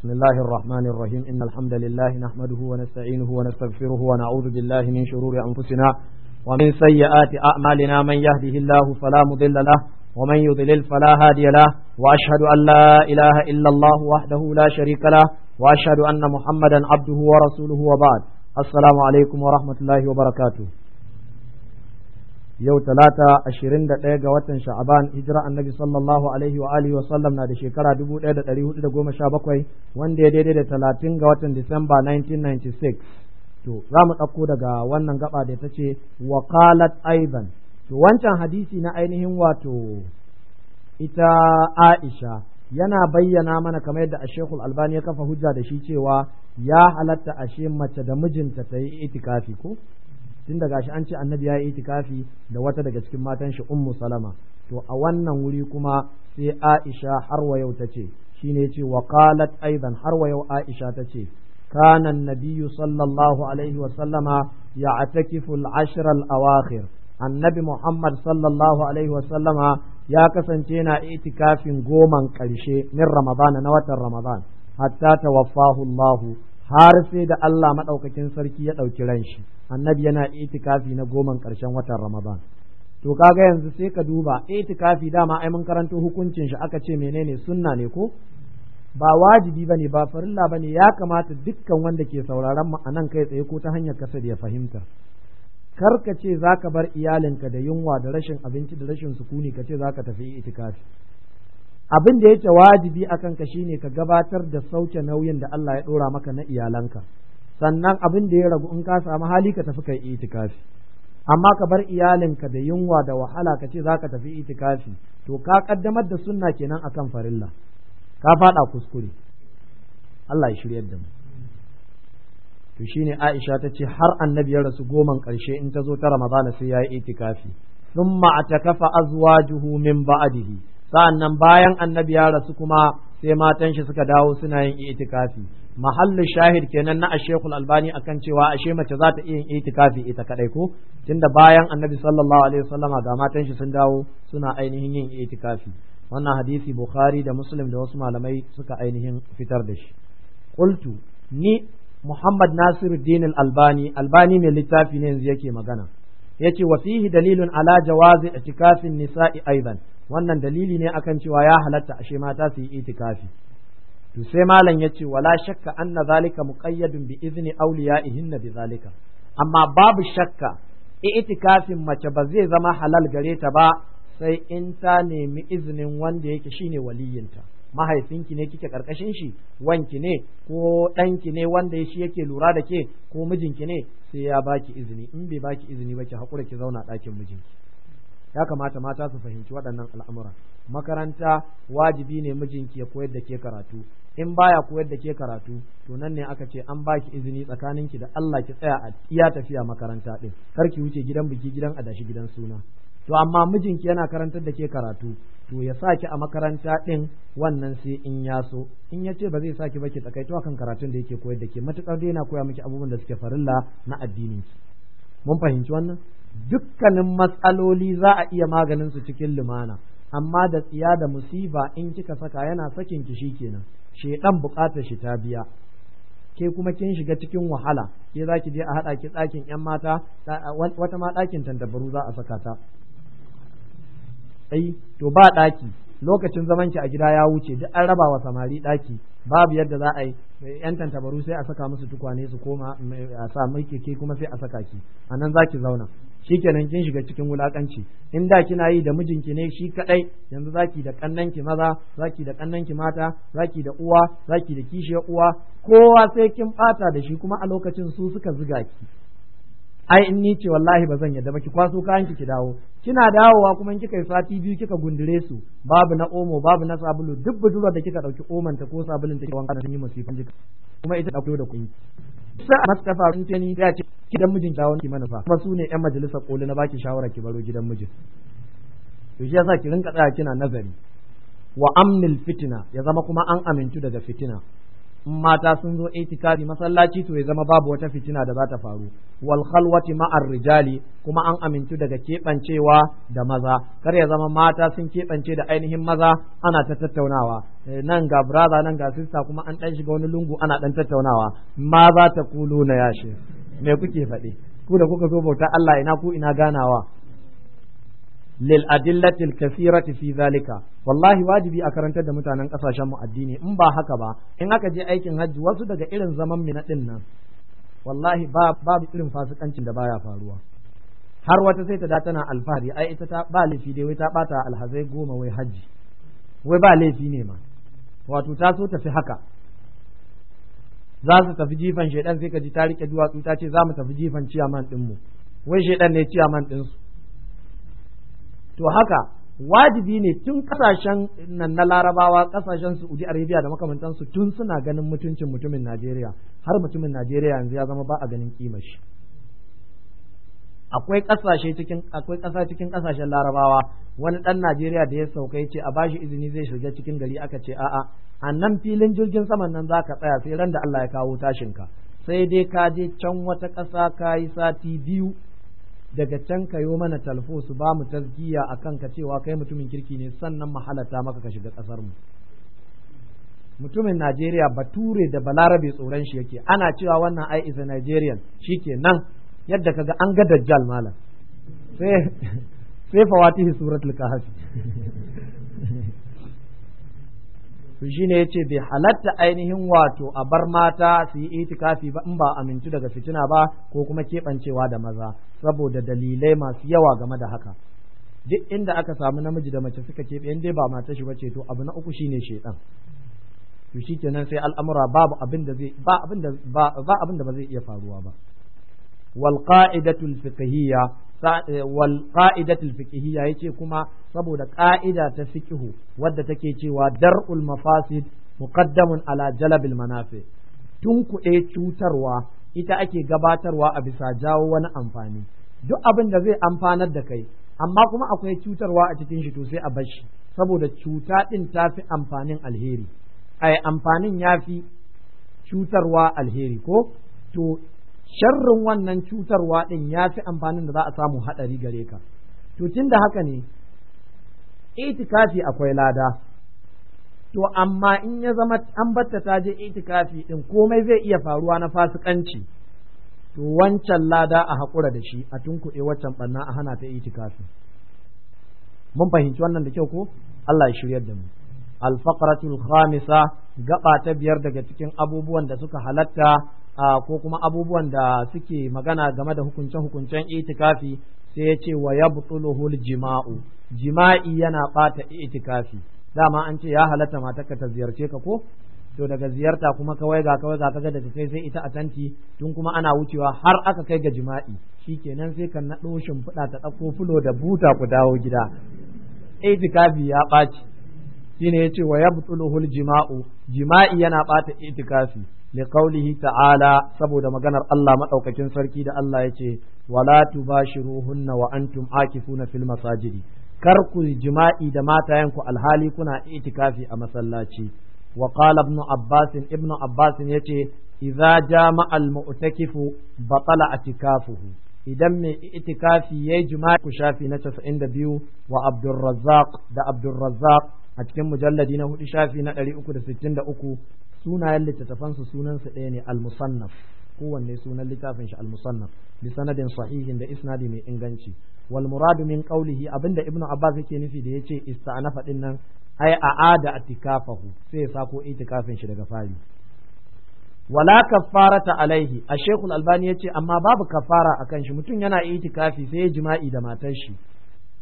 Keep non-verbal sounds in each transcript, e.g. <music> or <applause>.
بسم الله الرحمن الرحيم إن الحمد لله نحمده ونستعينه ونستغفره ونعوذ بالله من شرور أنفسنا ومن سيئات أعمالنا من يهده الله فلا مضل له ومن يضلل فلا هادي له وأشهد أن لا إله إلا الله وحده لا شريك له وأشهد أن محمدا عبده ورسوله وبعد السلام عليكم ورحمة الله وبركاته yau talata ashirin da ɗaya ga watan sha'aban hijira annabi sallallahu alaihi wa alihi wa sallam na da shekara dubu ɗaya da ɗari hudu da goma sha bakwai wanda ya daidai da talatin ga watan disamba 1996 to za mu ɗauko daga wannan gaba da ta ce wa qalat to wancan hadisi na ainihin wato ita aisha yana bayyana mana kamar yadda ashekul albani ya kafa hujja da shi cewa ya halatta ashe mace da mijinta ta yi itikafi ko tun daga shi an ce annabi ya yi itikafi da wata daga cikin matan shi ummu to a wannan wuri kuma sai aisha har wa yau tace shine yace wa qalat aidan har wa yau aisha tace kana annabiyyu sallallahu alaihi wa sallama ya'takifu al-ashr al-awakhir annabi muhammad sallallahu alaihi wa sallama ya kasance yana itikafin goman karshe min ramadana na watan ramadan hatta tawaffahu allah har sai da Allah maɗaukakin sarki ya ɗauki ran shi annabi yana itikafi na goma karshen watan ramadan to kaga yanzu sai ka duba itikafi dama ai mun karanto hukuncin shi aka ce menene sunna ne ko ba wajibi bane ba farilla bane ya kamata dukkan wanda ke sauraron mu anan kai tsaye ko ta hanyar kasar ya fahimta kar ka ce zaka bar iyalinka da yunwa da rashin abinci da rashin sukuni ka ce zaka tafi itikafi abin da yake wajibi a kanka shine ka gabatar da sauke nauyin da Allah ya ɗora maka na iyalanka sannan abin da ya ragu in ka samu hali ka tafi kai itikafi amma ka bar iyalinka da yunwa da wahala ka ce za ka tafi itikafi to ka kaddamar da sunna kenan akan farilla ka faɗa kuskure Allah ya shiryar da mu to shine Aisha ta ce har annabi ya rasu goman ƙarshe in ta zo ta Ramadana sai ya yi itikafi thumma atakafa azwajuhu min ba'dihi Sa'an nan bayan annabi ya rasu kuma sai matan shi suka dawo suna yin itikafi mahallin shahid kenan na ashekul albani akan cewa ashe mace za ta iya yin itikafi ita kadai ko tunda bayan annabi sallallahu alaihi wasallama ga matan shi sun dawo suna ainihin yin itikafi wannan hadisi bukhari da muslim da wasu malamai suka ainihin fitar da shi qultu ni muhammad nasiruddin albani albani mai littafi ne yanzu yake magana yace wa fihi dalilun ala jawazi itikafin nisa'i aidan wannan dalili ne akan cewa ya halatta ashe mata su yi itikafi to sai malam ya ce wala shakka anna zalika muqayyadun bi izni awliya'ihinna bi zalika amma babu shakka itikafin mace ba zai zama halal gare ta ba sai in ta nemi izinin wanda yake shine waliyinta mahaifinki ne kike karkashin shi wanki ne ko ɗanki ne wanda shi yake lura da ke ko mijinki ne sai ya baki izini in bai baki izini ba ki haƙura ki zauna ɗakin mijinki ya kamata mata su fahimci waɗannan al'amura makaranta wajibi ne mijinki ya koyar da ke karatu in baya koyar da ke karatu to nan ne aka ce an baki izini tsakanin ki da Allah ki tsaya a iya tafiya makaranta din kar ki wuce gidan biki gidan adashi gidan suna to amma mijinki yana karantar da ke karatu to ya saki a makaranta din wannan sai in ya so in ya ce ba zai sa saki ba ki to akan karatun da yake koyar da ke matukar dai yana koya miki abubuwan da suke farilla na addinin ki mun fahimci wannan dukkanin matsaloli za a iya maganin su cikin lumana amma da tsiya da musiba in kika saka yana sakin ki shikenan shedan bukatar shi ta biya ke kuma kin shiga cikin wahala ke za ki je a haɗa ki ɗakin yan mata wata ma ɗakin tantabaru za a saka ta ai to ba ɗaki lokacin zaman ki a gida ya wuce duk an raba wa samari ɗaki babu yadda za a yi yan eh, tantabaru sai a saka musu tukwane su koma eh, a sa mai keke kuma sai a saka ki a nan za ki zauna shikenan kin shiga cikin wulakanci in da kina yi da mijinki ne shi kadai yanzu zaki da kannanki maza zaki da kannanki mata zaki da uwa zaki da kishiyar uwa kowa sai kin bata da shi kuma a lokacin su suka ziga ki ai in ni ce wallahi ba zan yadda ba ki kwaso kayan ki dawo kina dawowa kuma kika yi sati biyu kika gundure su babu na omo babu na sabulu duk budurwar da kika dauki omanta ko sabulun ta wanka da sun yi musifan jika kuma ita da da kuyi a sa'a kafa sun sani ya ce gidan mijin ta wani manufa kuma su ne yan majalisar koli na baki shawara ki baro gidan mijin to shi yasa ki rinka tsaya kina nazari wa amnil fitina ya zama kuma an amintu daga fitina mata sun zo itikadi masallaci to ya zama babu wata fitina da za ta faru wal khalwati ma'ar rijali kuma an amintu daga keɓancewa da maza kar ya zama mata sun keɓance da ainihin maza ana ta tattaunawa eh, nan ga brother nan ga sister kuma an dan shiga wani lungu ana dan tattaunawa ma za ta kulo na yashi me kuke faɗi ku da kuka zo bauta Allah ina ku ina ganawa lil adillatil kasirati fi zalika wallahi wajibi a karantar da mutanen kasashen mu addini in ba haka ba in aka je aikin hajji wasu daga irin zaman mina din nan wallahi ba babu irin fasikancin da baya faruwa har wata sai ta da tana alfahari ai ita ta ba laifi dai wai ta bata alhazai goma wai hajji wai ba laifi ne ma wato ta so tafi haka za su tafi jifan shaidan sai ka ji ta rike duwatsu ta ce za mu tafi jifan ciyaman din mu wai shaidan ne ciyaman din su to haka wajibi ne tun kasashen nan na larabawa kasashen saudi arabia da makamantansu tun suna ganin mutuncin mutumin najeriya har mutumin najeriya yanzu ya zama ba a ganin kimar shi akwai kasashe cikin akwai kasa cikin kasashen larabawa wani dan najeriya da ya sauka ya ce a bashi izini zai shiga cikin gari aka ce a'a a nan filin jirgin saman nan zaka tsaya sai ran da Allah ya kawo tashinka sai dai ka je can wata kasa ka yi sati biyu daga can ka yo mana talfo su ba mu tazkiya akan ka cewa kai mutumin kirki ne sannan mahalata maka ka shiga kasar mu mutumin Najeriya bature da balarabe tsoron shi yake ana cewa wannan ai is a Nigerian nan yadda kaga an ga dajjal malam sai <laughs> sai fawatihi suratul kahf <laughs> to ya ce bai halatta ainihin wato a bar mata su yi itikafi ba in ba amintu daga fitina ba ko kuma keɓancewa da maza saboda dalilai masu yawa game da haka duk inda aka samu namiji da mace suka keɓe in dai ba mata shi bace to abu na uku shine shedan to shikenan sai al'amura ba abin da ba zai iya faruwa ba wal qa'idatu Eh, wal qa'idatul fiqhiyya yace kuma saboda qa'ida ta fiqhu wadda take cewa dar'ul mafasid muqaddamun ala jalabil manafi tun kuɗe cutarwa ita ake gabatarwa a bisa jawo wani amfani duk abin da zai amfanar da kai amma kuma akwai cutarwa a cikin shi to sai a bashi saboda cuta din ta fi amfanin alheri ai amfanin ya fi cutarwa alheri ko to sharrin wannan cutarwa ɗin ya fi amfanin da za a samu haɗari gare ka to tun da haka ne itikafi akwai lada to amma in ya zama an batta ta je itikafi ɗin komai zai iya faruwa na fasikanci to wancan lada a haƙura da shi a tunkuɗe waccan ɓanna a hana ta itikafi mun fahimci wannan da kyau ko Allah ya shiryar da mu Alfaƙaratul khamisa gaɓa ta biyar daga cikin abubuwan da suka halatta ko kuma abubuwan da suke magana game da hukunce-hukuncen itikafi sai ya ce wa yabtuluhul jima'u jima'i yana bata itikafi dama an ce ya halatta ka ta ziyarce ka ko to daga ziyarta kuma kawai ga kawai ga kaga da kai sai ita a tanti tun kuma ana wucewa har aka kai ga jima'i shi kenan sai kan naɗo shimfiɗa ta ɗauko fulo da buta ku dawo gida itikafi ya ɓaci shine yace wa yabtuluhul jima'u jima'i yana ɓata itikafi liqaulihi ta'ala saboda maganar Allah madaukakin sarki da Allah yace wala tubashiruhunna wa antum akifuna fil masajidi kar ku jima'i da matayanku alhali kuna itikafi a masallaci wa qala ibn abbas ibn abbas yace idza jama'a al mu'takifu batala atikafuhu idan mai itikafi yayi jima'i ku shafi na 92 wa abdurrazzaq da abdurrazzaq a cikin mujalladi na hudu shafi na 363 sunayen littattafansu sunansu ɗaya ne al-musannaf kowanne sunan littafin shi al-musannaf bi sanadin sahihin da isnadi mai inganci wal muradu min qawlihi abinda ibnu abbas yake nufi da yace ista'nafa din nan ai a'ada atikafahu sai ya sako itikafin shi daga fari wala kaffarata alaihi a shekul albani ya ce amma babu kafara a kan shi mutum yana itikafi sai ya jima'i da matar shi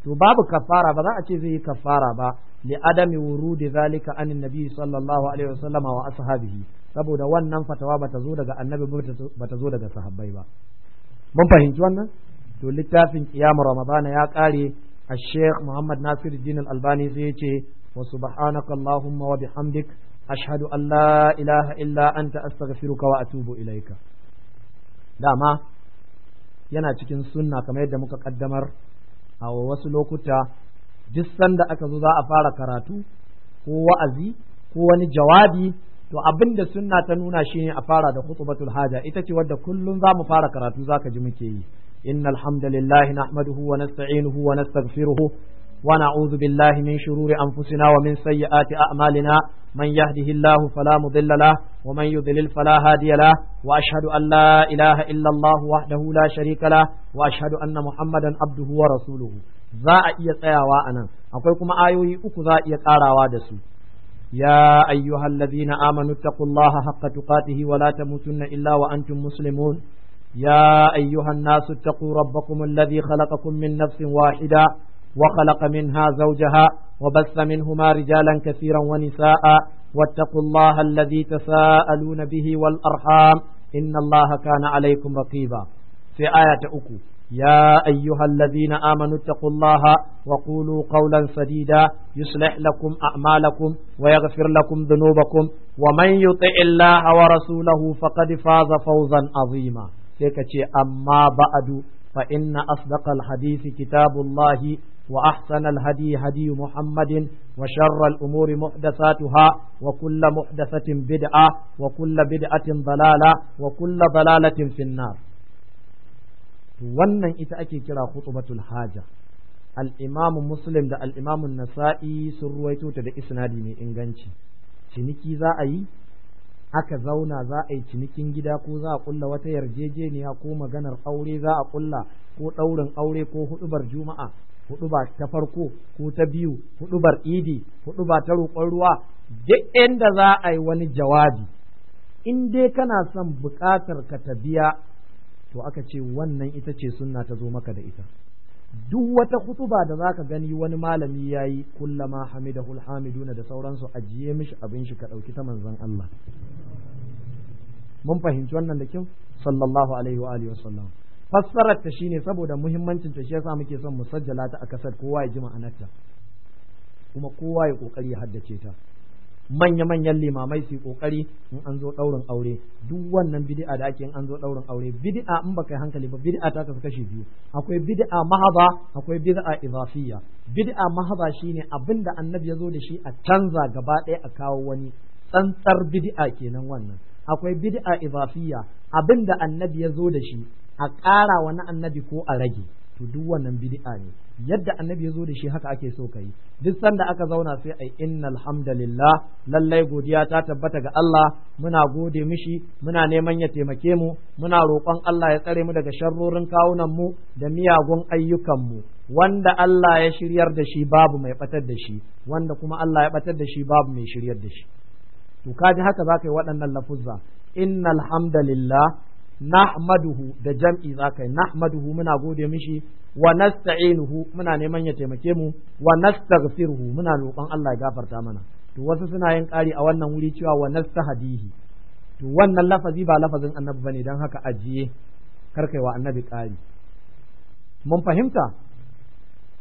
to babu kafara ba za a ce zai yi kafara ba لعدم ورود ذلك عن النبي صلى الله عليه وسلم وأصحابه saboda wannan fatawa ta zo daga annabi ta zo daga sahabbai ba mun fahimci wannan to littafin qiyamar ramadan ya kare a sheikh muhammad nasir din albani sai ya ce wa subhanaka allahumma wa bihamdik ashhadu an la ilaha illa anta astaghfiruka wa atubu ilaika dama yana cikin sunna kamar yadda muka kaddamar a wasu lokuta duk sanda aka zo za a fara karatu ko wa'azi ko wani jawabi to abin da sunna ta nuna shi ne a fara da khutbatul haja ita ce wadda kullum za mu fara karatu za ka ji muke yi innal hamdalillahi nahmaduhu wa nasta'inuhu wa nastaghfiruhu wa na'udhu billahi min shururi anfusina wa min sayyiati a'malina man yahdihillahu fala mudilla lah wa man yudlil fala hadiyala wa ashadu an la ilaha illa allah wahdahu la sharika lah wa ashhadu anna muhammadan abduhu wa rasuluhu za a iya tsayawa a nan akwai kuma ayoyi uku za a iya ƙarawa da su ya ayyuhal ladina amanu taqullaha haqqa tuqatihi wa la tamutunna illa wa antum muslimun ya ayyuhan nasu taqu rabbakum alladhi khalaqakum min nafsin wahida wa khalaqa minha zawjaha wa bassa minhuma rijalan katsiran wa nisaa wattaqullaha alladhi tasaaluna bihi wal arham inna allaha kana alaykum raqiba sai aya ta uku يا أيها الذين آمنوا اتقوا الله وقولوا قولا سديدا يصلح لكم أعمالكم ويغفر لكم ذنوبكم ومن يطع الله ورسوله فقد فاز فوزا عظيما سيكتي أما بعد فإن أصدق الحديث كتاب الله وأحسن الهدي هدي محمد وشر الأمور محدثاتها وكل محدثة بدعة وكل بدعة ضلالة وكل ضلالة في النار wannan ita ake kira khutbatul haja al-imam muslim da al-imam nasa'i sun ruwaito ta da isnadi mai inganci ciniki za a yi aka zauna za a yi cinikin gida ko za a kulla wata yarjejeniya ko maganar aure za a kulla ko ɗaurin aure ko hudubar juma'a huduba ta farko ko ta biyu hudubar idi huduba ta roƙon ruwa duk inda za a yi wani jawabi in dai kana son buƙatar ka ta biya to aka ce wannan ita ce sunna ta zo maka da ita duk wata hutuba da zaka gani wani malami yayi kullama hamidahul hamiduna da sauransu ajiye mishi abin shi ka dauki ta manzon Allah mun fahimci wannan da kyau sallallahu alaihi wa alihi wasallam fassarar ta shine saboda muhimmancin ta shi yasa muke son mu sajjala ta a kasar kowa ya ji ma'anarta kuma kowa ya kokari ya haddace ta manya-manyan limamai su yi kokari in an zo ɗaurin aure duk wannan bid'a da ake in an zo daurin aure bid'a in baka yi hankali ba bid'a ta kasu kashi biyu akwai bid'a mahaba akwai bid'a idafiyya bid'a mahaba shine abinda annabi ya zo da shi a canza gaba ɗaya a kawo wani tsantsar bid'a kenan wannan akwai bid'a idafiyya da annabi ya zo da shi a ƙara wani annabi ko a rage to duk wannan bid'a ne yadda annabi ya zo da shi haka ake so ka duk sanda aka zauna sai ai innal hamdalillah lallai godiya ta tabbata ga Allah muna gode mishi muna neman ya taimake mu muna roƙon Allah ya tsare mu daga sharrorin kawunan mu da miyagun ayyukan mu wanda Allah ya shiryar da shi babu mai batar da shi wanda kuma Allah ya batar da shi babu mai shiryar da shi to kaji haka zaka yi waɗannan lafuzza innal hamdalillah nahmaduhu da jam'i zaka yi nahmaduhu muna gode mishi wa nasta'inuhu muna neman ya taimake mu wa nastaghfiruhu muna roƙon Allah ya gafarta mana to wasu suna yin ƙari a wannan wuri cewa wa nastahdihi to wannan lafazi ba lafazin annabi bane dan haka ajiye karkai wa annabi ƙari mun fahimta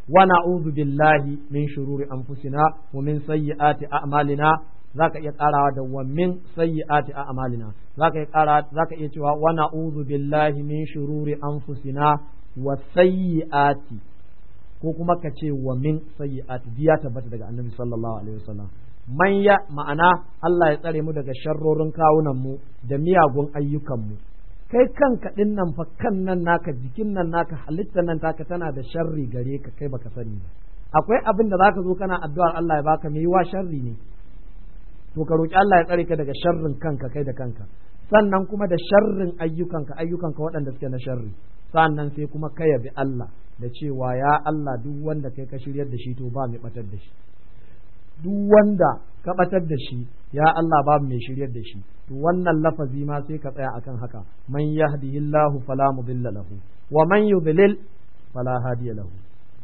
wa na'udhu billahi min shururi anfusina wa min sayyiati a'malina zaka iya karawa da wa min sayyiati a'malina zaka iya kara zaka iya cewa wa na'udhu billahi min shururi anfusina wa sayyiati ko kuma ka ce wa min sayyiati biya tabbata daga annabi sallallahu alaihi wasallam man ya ma'ana Allah ya tsare mu daga sharrorin kawunan mu da miyagun ayyukan mu kai kanka din nan fa kan nan naka jikin nan naka halittar nan taka tana da sharri gare ka kai baka sani akwai abin da zaka zo kana addu'ar Allah ya baka mai wa sharri ne to ka roki Allah ya tsare ka daga sharrin kanka kai da kanka sannan kuma da sharrin ayyukanka ayyukanka waɗanda suke na sharri sannan sai kuma ka yabi Allah da cewa ya Allah duk wanda kai ka shiryar da shi to ba mai batar da shi duk wanda ka batar da shi ya Allah ba mai shiryar da shi to wannan lafazi ma sai ka tsaya akan haka man yahdihillahu fala mudilla lahu wa man yudlil fala hadiya lahu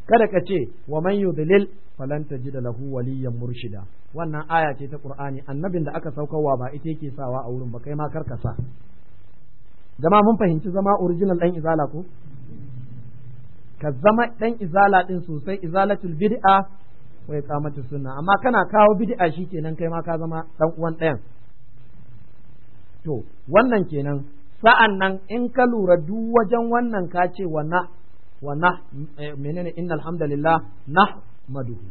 kada ka ce wa man yudlil falan tajida lahu waliyan murshida wannan aya ce ta qur'ani annabin da aka saukarwa ba ita yake sawa a wurin ba kai ma karka sa zama mun fahimci zama original dan izala ko ka zama dan izala din sosai izalatul bid'a wa iqamatu sunna amma kana kawo bid'a shikenan kai ma ka zama dan uwan ɗayan to wannan kenan sa'an nan in ka lura duk wajen wannan ka ce wa na wa nah menene innal hamdalillah nahmaduhu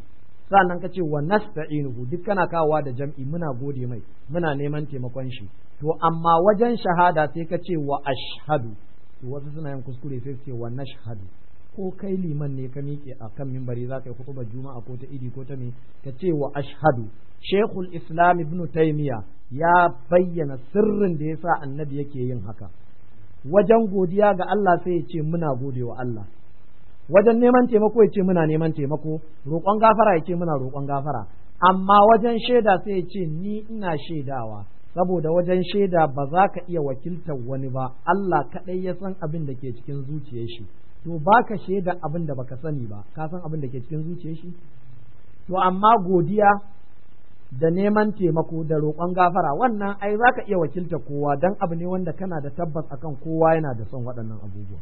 sannan ka ce wa nasta'inuhu duk kana kawowa da jam'i muna gode mai muna neman taimakon shi to amma wajen shahada sai ka ce wa ashhadu to wasu suna yin kuskure sai ce wa nashhadu ko kai liman ne ka miƙe a kan mimbari za ka yi kutubar juma'a ko ta idi ko ta me ka ce wa ashhadu shekul islam ibn taymiya ya bayyana sirrin da yasa annabi yake yin haka wajen godiya ga Allah sai ya ce muna gode wa Allah wajen neman taimako ya ce muna neman taimako roƙon gafara ya ce muna roƙon gafara amma wajen shaida sai ya ce ni ina shaidawa saboda wajen shaida ba za ka iya wakiltar wani ba Allah kaɗai ya san abin da ke cikin zuciyar shi to ba ka shaida abin da baka sani ba ka san abin da ke cikin zuciyar shi to amma godiya da neman taimako da roƙon gafara wannan ai za ka iya wakiltar kowa don abu ne wanda kana da tabbas akan kowa yana da son waɗannan abubuwa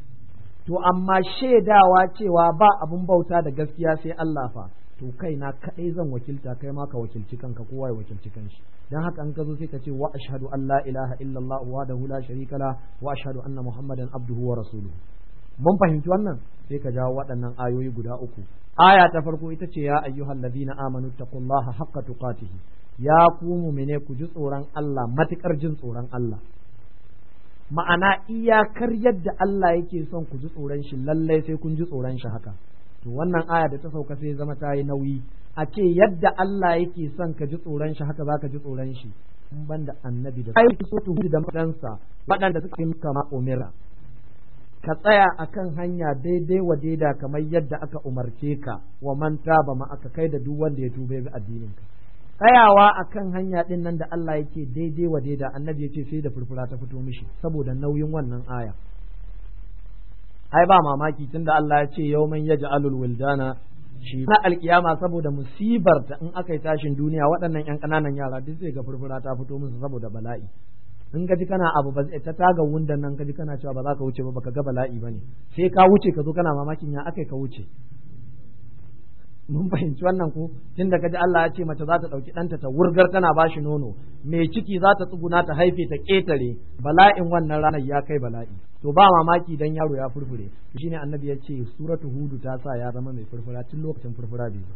to amma shaidawa cewa ba abin bauta da gaskiya sai Allah fa to kai na kaɗai zan wakilta kai ma ka wakilci kanka kowa ya wakilci kanshi dan haka an gazo sai ka ce wa ashhadu an la ilaha illallah da la sharika la wa ashhadu anna muhammadan abduhu wa rasuluhu mun fahimci wannan sai ka jawo waɗannan ayoyi guda uku aya ta farko ita ce ya ayyuhal ladina amanu taqullaha haqqa tuqatihi ya ku mu'mine ku ji tsoron Allah matukar jin tsoron Allah ma'ana iyakar yadda Allah yake son ku ji tsoron shi lallai sai kun ji tsoron shi haka to wannan aya da ta sauka sai zama ta yi nauyi a ce yadda Allah yake son ka ji tsoron shi haka zaka ji tsoron shi in ban da annabi da kai so tu da madansa waɗanda suka yi kama umira ka tsaya akan hanya daidai wa daida kamar yadda aka umarce ka wa man taba ma aka kai da duk wanda ya tuba ga addinin ka tsayawa a kan hanya ɗin nan da Allah yake daidai wa daida annabi ya ce sai da furfura ta fito mishi saboda nauyin wannan aya ai ba mamaki tun da Allah ya ce yau man ya ja'alul wildana shi na alkiyama saboda musibar ta in aka yi tashin duniya waɗannan yan ƙananan yara duk sai ga furfura ta fito musu saboda bala'i in ka ji kana abu ba ta taga wundan nan ka ji kana cewa ba za ka wuce ba baka ga bala'i ba ne. sai ka wuce ka zo kana mamakin ya aka ka wuce mun fahimci wannan tun tunda kaji Allah ya ce mace za ta ɗauki ɗanta ta wurgar tana ba shi nono mai ciki za ta tsuguna ta haife ta ƙetare. bala'in wannan ranar ya kai bala'i to ba mamaki dan yaro ya furfure to ne annabi ya ce suratu hudu ta sa ya zama mai furfura tun lokacin furfura bai zo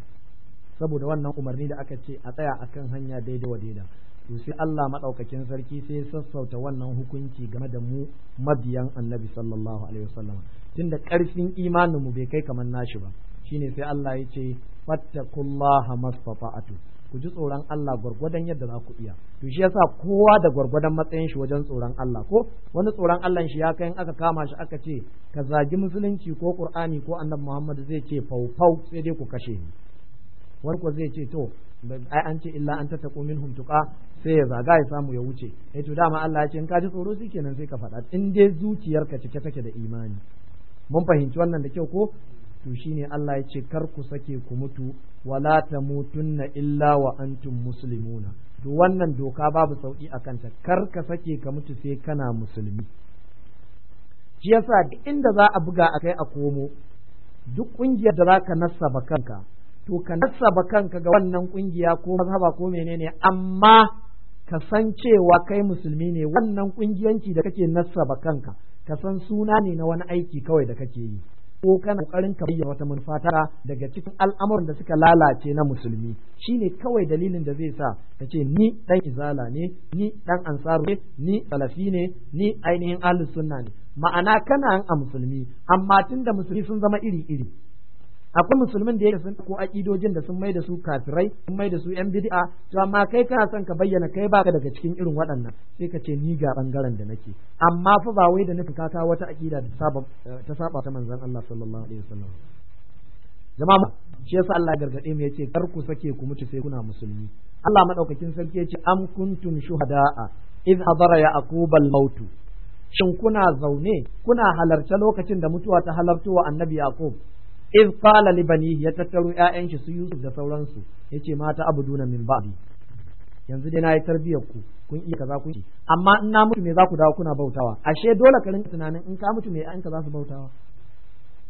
saboda wannan umarni da aka ce a tsaya akan hanya daidai wa daidai to sai Allah madaukakin sarki sai sassauta wannan hukunci game da mu mabiyan annabi sallallahu alaihi wasallam tunda karfin imanin mu bai kai kamar nashi ba shine sai Allah ya ce fattakullaha mastata'atu ku ji tsoron Allah gwargwadon yadda za ku iya to shi yasa kowa da gwargwadon matsayin shi wajen tsoron Allah ko wani tsoron Allah shi ya kai aka kama shi aka ce ka zagi musulunci ko Qur'ani ko Annabi Muhammad zai ce faufau sai dai ku kashe ni warko zai ce to ai an ce illa an tattaqu minhum tuqa sai ya zaga ya samu ya wuce eh to dama Allah ya ce in ka ji tsoro kenan sai ka faɗa in dai zuciyarka cike take da imani mun fahimci wannan da kyau ko to shine Allah ya ce kar ku sake ku mutu wala ta mutunna illa wa antum muslimuna to wannan doka babu sauki a kanta kar ka sake ka mutu sai kana musulmi shi yasa duk inda za a buga a kai a komo duk kungiyar da za ka nassaba kanka to ka nassaba kanka ga wannan kungiya ko mazhaba ko menene amma ka san cewa kai musulmi ne wannan kungiyanci da kake nassaba kanka ka san suna ne na wani aiki kawai da kake yi ko kana ƙoƙarin ka bayyana wata manufa tara daga cikin al'amuran da suka lalace na musulmi shine kawai dalilin da zai sa ka ce ni dan izala ne ni dan ansaru ne ni salafi ne ni ainihin ahlus sunna ne ma'ana kana a musulmi amma tunda musulmi sun zama iri iri akwai musulmin da ya sun ko akidojin da sun mai da su kafirai sun mai da su yan bid'a to amma kai kana san ka bayyana kai baka daga cikin irin waɗannan sai ka ce ni ga bangaren da nake amma fa ba wai da nufi ka kawo wata akida da saba ta saba ta manzon Allah sallallahu alaihi wasallam jama'a shi yasa Allah gargade mu yace kar ku sake ku mutu sai kuna musulmi Allah madaukakin sarki yace am kuntum shuhada'a idh hadara yaqub al-maut shin kuna zaune kuna halarta lokacin da mutuwa ta wa annabi yaqub iz qala li banihi ya tattaro ƴaƴan shi su Yusuf da sauransu yace mata abuduna min ba'di yanzu dai nayi tarbiyyar ku kun iya kaza kun amma in na mutu me za ku dawo kuna bautawa ashe dole ka rinka tunanin in ka mutu me ƴaƴanka za su bautawa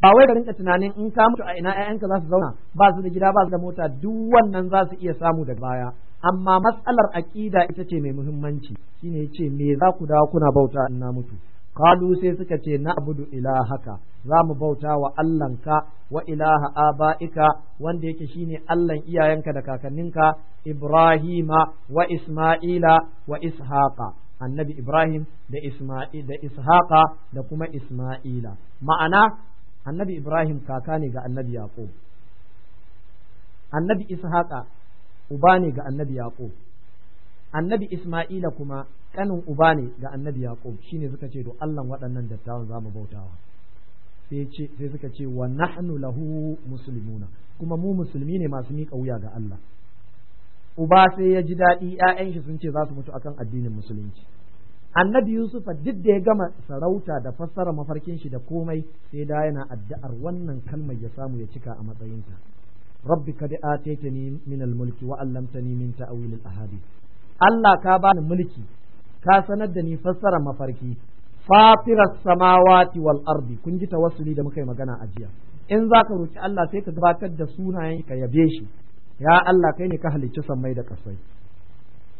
ba wai ka rinka tunanin in ka mutu a ina ƴaƴanka za su zauna ba su da gida ba su da mota duk wannan za su iya samu da baya amma matsalar aqida ita ce mai muhimmanci shine yace me za ku dawo kuna bauta in na mutu Kalu sai suka ce na'budu abudu ilahaka za mu bauta wa allanka wa ilaha aba'ika wanda yake shine allan iyayenka da kakanninka Ibrahima wa Isma'ila wa Ishaqa annabi Ibrahim da Isma'il da Ishaqa da kuma Isma'ila ma'ana annabi Ibrahim kaka ne ga annabi Yaqub annabi Ishaqa uba ne ga annabi Yaqub annabi Isma'ila kuma kanin uba ne ga annabi yaqub shine suka ce to Allah waɗannan dattawan zamu bautawa sai ce sai suka ce wa nahnu lahu muslimuna kuma mu musulmi ne masu miƙa wuya ga Allah uba sai ya ji daɗi ƴaƴan shi sun ce za su mutu akan addinin musulunci annabi yusufa duk da ya gama sarauta da fassara mafarkin shi da komai sai da yana addu'ar wannan kalmar ya samu ya cika a matsayinta rabbi kad ataytani min almulki mulki wa 'allamtani min ta'wil Ahadi. Allah ka bani mulki ka sanar da ni fassara mafarki fatiras samawati wal ardi kun ji tawassuli da muka yi magana a jiya in za ka roki Allah sai ka gabatar da sunayen ka yabe shi ya Allah kai ne ka halicci sammai da kasai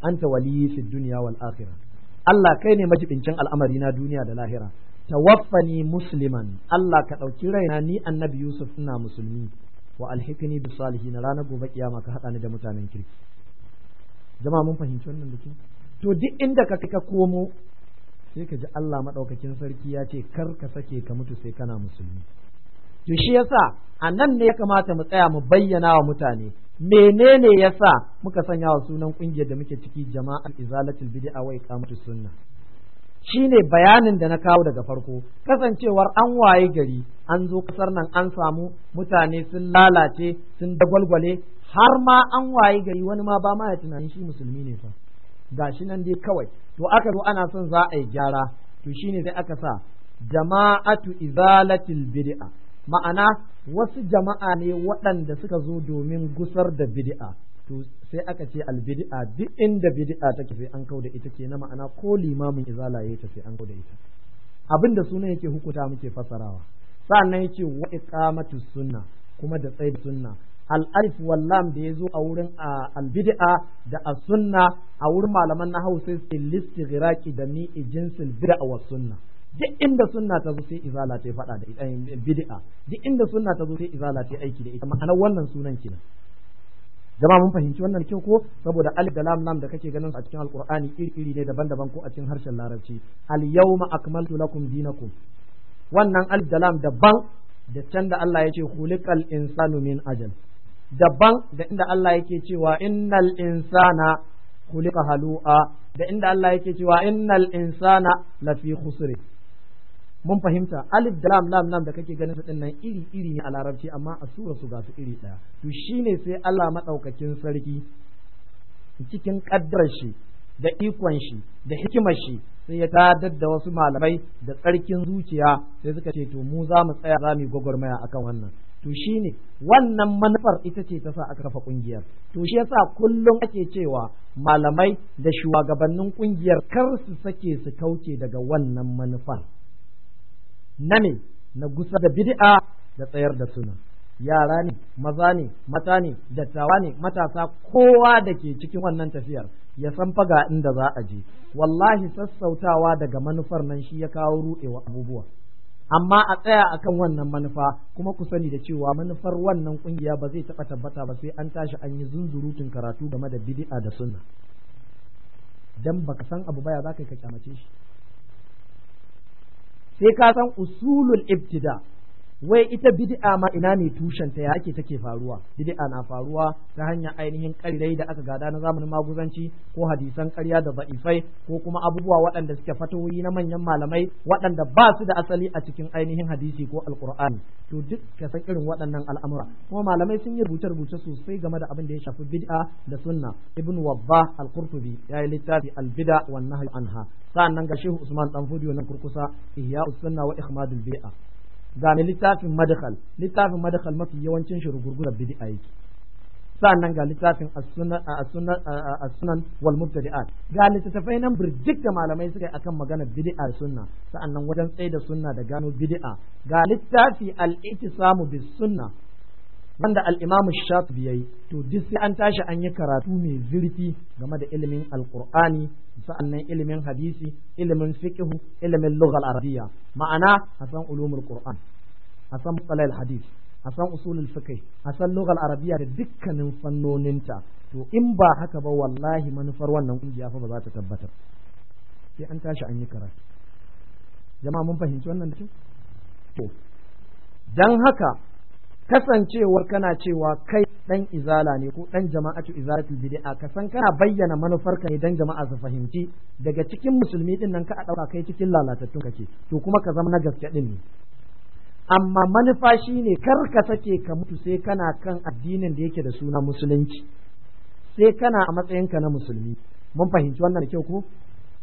anta waliyyi fid dunya wal akhirah Allah kai ne majibincin al'amari na duniya da lahira tawaffani musliman Allah ka ɗauki raina ni annabi Yusuf ina musulmi wa da bi salihin ranar gobe kiyama ka haɗa ni da mutanen kirki jama'a mun fahimci wannan da to duk inda ka ka komo sai ka ji Allah maɗaukakin sarki ya ce kar ka sake ka mutu sai kana musulmi to shi yasa a nan ne ya kamata mu tsaya mu bayyana wa mutane menene yasa muka sanya wa sunan ƙungiyar da muke ciki jama'ar izalatul bid'a wa iqamatus sunna shine bayanin da na kawo daga farko kasancewar an waye gari an zo kasar nan an samu mutane sun lalace sun dagwalgwale har ma an waye gari wani ma ba ma ya tunanin shi musulmi ne fa Ga shi nan dai kawai to aka zo ana son za a yi gyara to shine sai aka sa jama'atu izalatil bid'a ma'ana wasu jama'a ne waɗanda suka zo domin gusar da bid'a to sai aka ce albid'a duk inda bid'a take sai an kauda ita ce na ma'ana ko limamin izala yayi ta sai an kauda ita abinda sunan yake hukuta muke fasarawa sa'annan yake wa iqamatu sunna kuma da tsayi sunna al'arif wallam da ya zo a wurin albid'a da a sunna a wurin malaman na hausa sai listi giraki da mi'i jinsin bid'a wa sunna duk inda sunna ta zo sai izala ta faɗa da eh, bid'a duk inda sunna ta zo sai izala ta aiki da ita ma'anar wannan sunan kenan jama'a mun fahimci wannan kyau ko saboda alif da lam lam da kake ganin a cikin alqur'ani iri-iri ne daban-daban ko a cikin harshen larabci al yawma akmaltu lakum dinakum wannan alif da lam daban da can da Allah ya ce khuliqal insanu min ajal daban da inda Allah yake cewa innal insana khuliqa halu'a da inda Allah yake cewa innal insana lafi khusr mun fahimta alif da lam lam lam da kake ganin su din nan iri iri ne a larabci amma a sura su ga su iri daya to shine sai Allah madaukakin sarki cikin kaddar shi da ikon shi da hikimar shi sai ya tadar da wasu malamai da tsarkin zuciya sai suka ce to mu za mu tsaya za mu yi gwagwarmaya akan wannan to ne wannan manufar ita ce ta sa aka kafa ƙungiyar. to shi yasa kullum ake cewa malamai da shugabannin ƙungiyar kar su sake su kauce daga wannan manufar na ne na gusa da bid'a da tsayar da suna yara ne maza ne mata ne dattawa ne matasa kowa da ke cikin wannan tafiyar ya san faga inda za a je wallahi sassautawa daga manufar nan shi ya kawo ruɗewa abubuwa amma a tsaya akan wannan manufa kuma ku sani da cewa manufar wannan kungiya ba zai taɓa tabbata ba sai an tashi an yi zunzurutun karatu game da bid'a da sunna dan baka san abu baya zaka ka kyamace shi sai ka san usulul ibtida wai ita bid'a ma ina ne tushenta ya ake take faruwa bid'a na faruwa ta hanyar ainihin karirai da aka gada na zamanin maguzanci ko hadisan karya da ba'ifai ko kuma abubuwa waɗanda suke fatoyi na manyan malamai waɗanda ba su da asali a cikin ainihin hadisi ko alqur'ani to duk ka san irin waɗannan al'amura kuma malamai sun yi rubuce rubuce sosai game da abin da ya shafi bid'a da sunna ibnu wabba al-qurtubi ya yi littafi al-bid'a wan nahy anha sa'annan ga shehu usman dan fudiyo nan kurkusa ihya sunna wa ihmadul bid'a ga mai littafin madkhal littafin madkhal mafi yawancin shi rugurgurar bid'a yake sannan ga littafin as-sunan wal mubtadi'at ga littafai nan birjik da malamai suka yi akan maganar bid'a sunna sa'annan wajen tsaye da sunna da gano bid'a ga littafi al-ittisamu bis sunna wanda al-Imam Shatibi yayi to duk sai an tashi an yi karatu mai zurfi game da ilimin al-Qur'ani sa'annan ilimin hadisi ilimin fiqh ilimin lughal arabiyya ma'ana a san ulumul Qur'an a san musalal hadith a san usulul fiqh a san lughal arabiyya da dukkanin fannoninta to in ba haka ba wallahi manufar wannan kungiya fa ba za ta tabbatar sai an tashi an yi karatu jama'a mun fahimci wannan to dan haka kasancewar kana cewa kai dan izala ne ko dan jama'atu izalatul bid'a ka san kana bayyana manufarka ne dan jama'a su fahimci daga cikin musulmi din nan ka a dauka kai cikin lalatattun kake to kuma ka zama na gaske din ne amma manufa shi ne kar ka sake ka mutu sai kana kan addinin da yake da suna musulunci sai kana a matsayinka na musulmi mun fahimci wannan da kyau ko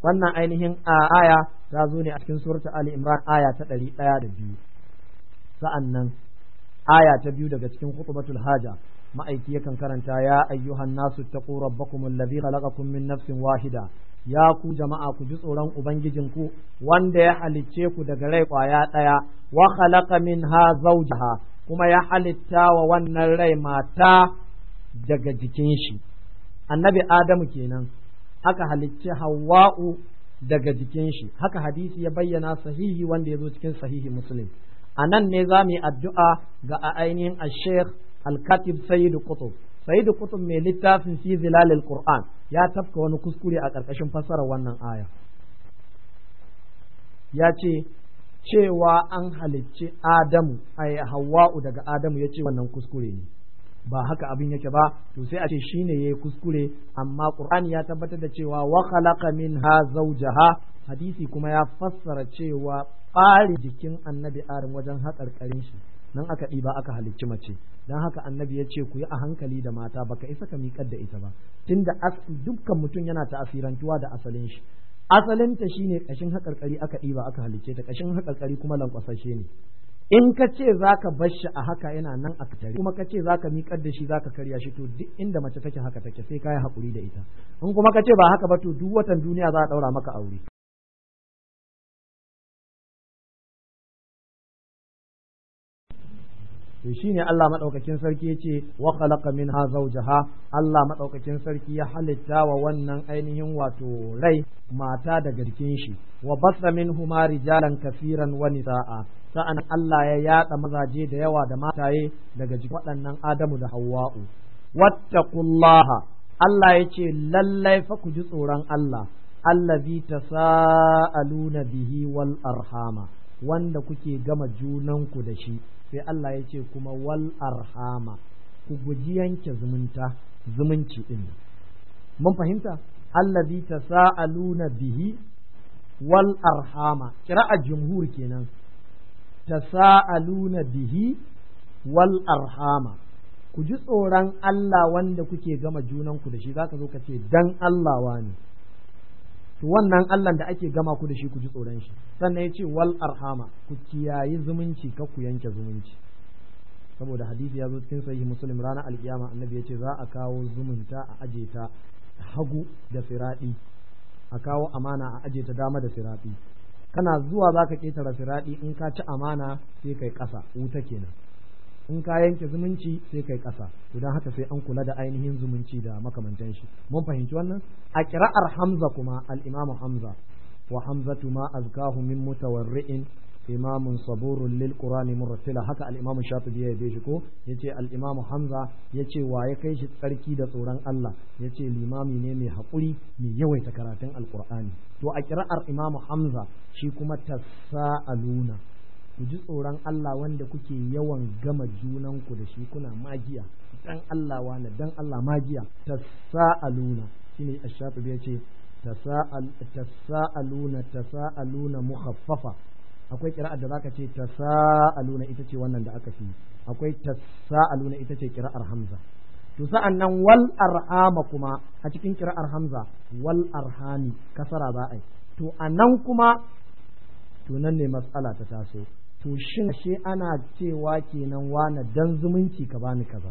wannan ainihin aya ta zo ne a cikin surata ali imran aya ta ɗari ɗaya da biyu sa'an nan aya ta biyu daga cikin khutbatul haja ma'aiki yakan karanta ya ayyuhan nasu taqu rabbakum allazi khalaqakum min nafsin wahida ya ku jama'a ku ji tsoron ku wanda ya halicce ku daga rai kwaya daya wa khalaqa minha zawjaha kuma ya halitta wa wannan rai mata daga jikin shi annabi adamu kenan aka halicci hawa'u daga jikin shi haka hadisi ya bayyana sahihi wanda ya zo cikin sahihi muslim a nan ne za mu yi addu'a ga a ainihin al-sheikh al-katib sayyidu qutub sayyidu qutub mai littafin fi zilalil qur'an ya tafka wani kuskure a ƙarƙashin fassarar wannan aya ya ce cewa an halicci adamu ai hawa'u daga adamu ya ce wannan kuskure ne ba haka abin yake ba to sai a ce shine yayi kuskure amma qur'ani ya tabbatar da cewa wa khalaqa minha zawjaha hadisi kuma ya fassara cewa ɓare jikin annabi adam wajen haƙarƙarin shi nan aka ɗiba aka halicci mace don haka annabi ya ce ku yi a hankali da mata baka isa ka miƙar da ita ba tunda dukkan mutum yana ta'asirantuwa da asalin shi asalinta shine ƙashin haƙarƙari aka ɗiba aka halicce ta ƙashin haƙarƙari kuma lankwasashe ne in ka ce za ka bar shi a haka yana nan a tare kuma ka ce za ka miƙar da shi za ka karya shi to duk inda mace take haka take sai ka yi haƙuri da ita in kuma ka ce ba haka ba to duk watan duniya za a ɗaura maka aure to shi ne Allah maɗaukakin sarki ya yace wa khalaqa zau zawjaha Allah maɗaukakin sarki ya halitta wa wannan ainihin wato rai mata daga jikin shi wa batsa minhuma rijalan kafiran wa nisaa sa'an Allah ya yada mazaje da yawa da mataye daga jikin waɗannan Adamu da Hawwa'u wattaqullaha Allah ya ce lallai fa ku ji tsoron Allah allazi tasaaluna bihi wal arhama wanda kuke gama junanku da shi sai Allah ya ce kuma wal arhama ku guji yanke zumunta zumunci din mun fahimta allazi tasaaluna bihi wal arhama a jumhur kenan tasaaluna bihi wal arhama ku ji tsoron Allah wanda kuke gama junanku da shi zaka zo ka ce dan Allah wani to wannan Allah da ake gama ku da shi ku ji tsoron shi sannan ya ce wal arhama ku kiyayi zumunci ka ku yanke zumunci saboda hadisi ya zo cikin sahihi muslim ranar alkiyama annabi ya ce za a kawo zumunta a aje ta hagu da firadi a kawo amana a aje ta dama da firadi kana zuwa zaka ketara siradi in ka ci amana sai kai kasa wuta kenan in ka yanke zumunci sai kai ƙasa idan haka sai an kula da ainihin zumunci da makamantan shi mun fahimci wannan a kira'ar hamza kuma al-imam hamza wa hamzatu ma azkahu min mutawarri'in imamun saburun lil qur'ani murtila haka al-imam shatibi ya yabe shi ko yace al-imam hamza yace waye kai shi tsarki da tsoron Allah yace limami ne mai hakuri mai yawaita karatun al-qur'ani to a kira'ar imam hamza shi kuma tasaaluna ku ji tsoron Allah wanda kuke yawan gama junanku da shi kuna magiya dan Allah wani dan Allah magiya tasaaluna shine ash-shafi'i yace tasaal tasaaluna tasaaluna mukhaffafa akwai kira'ar da zaka ce tasaaluna ita ce wannan da aka fi akwai tasaaluna ita ce kira'ar hamza to sa'an nan wal arhama kuma a cikin kira'ar hamza wal arhami kasara za a yi to anan kuma to nan ne matsala ta taso to shin shi ana cewa kenan wane dan zumunci ka bani kaza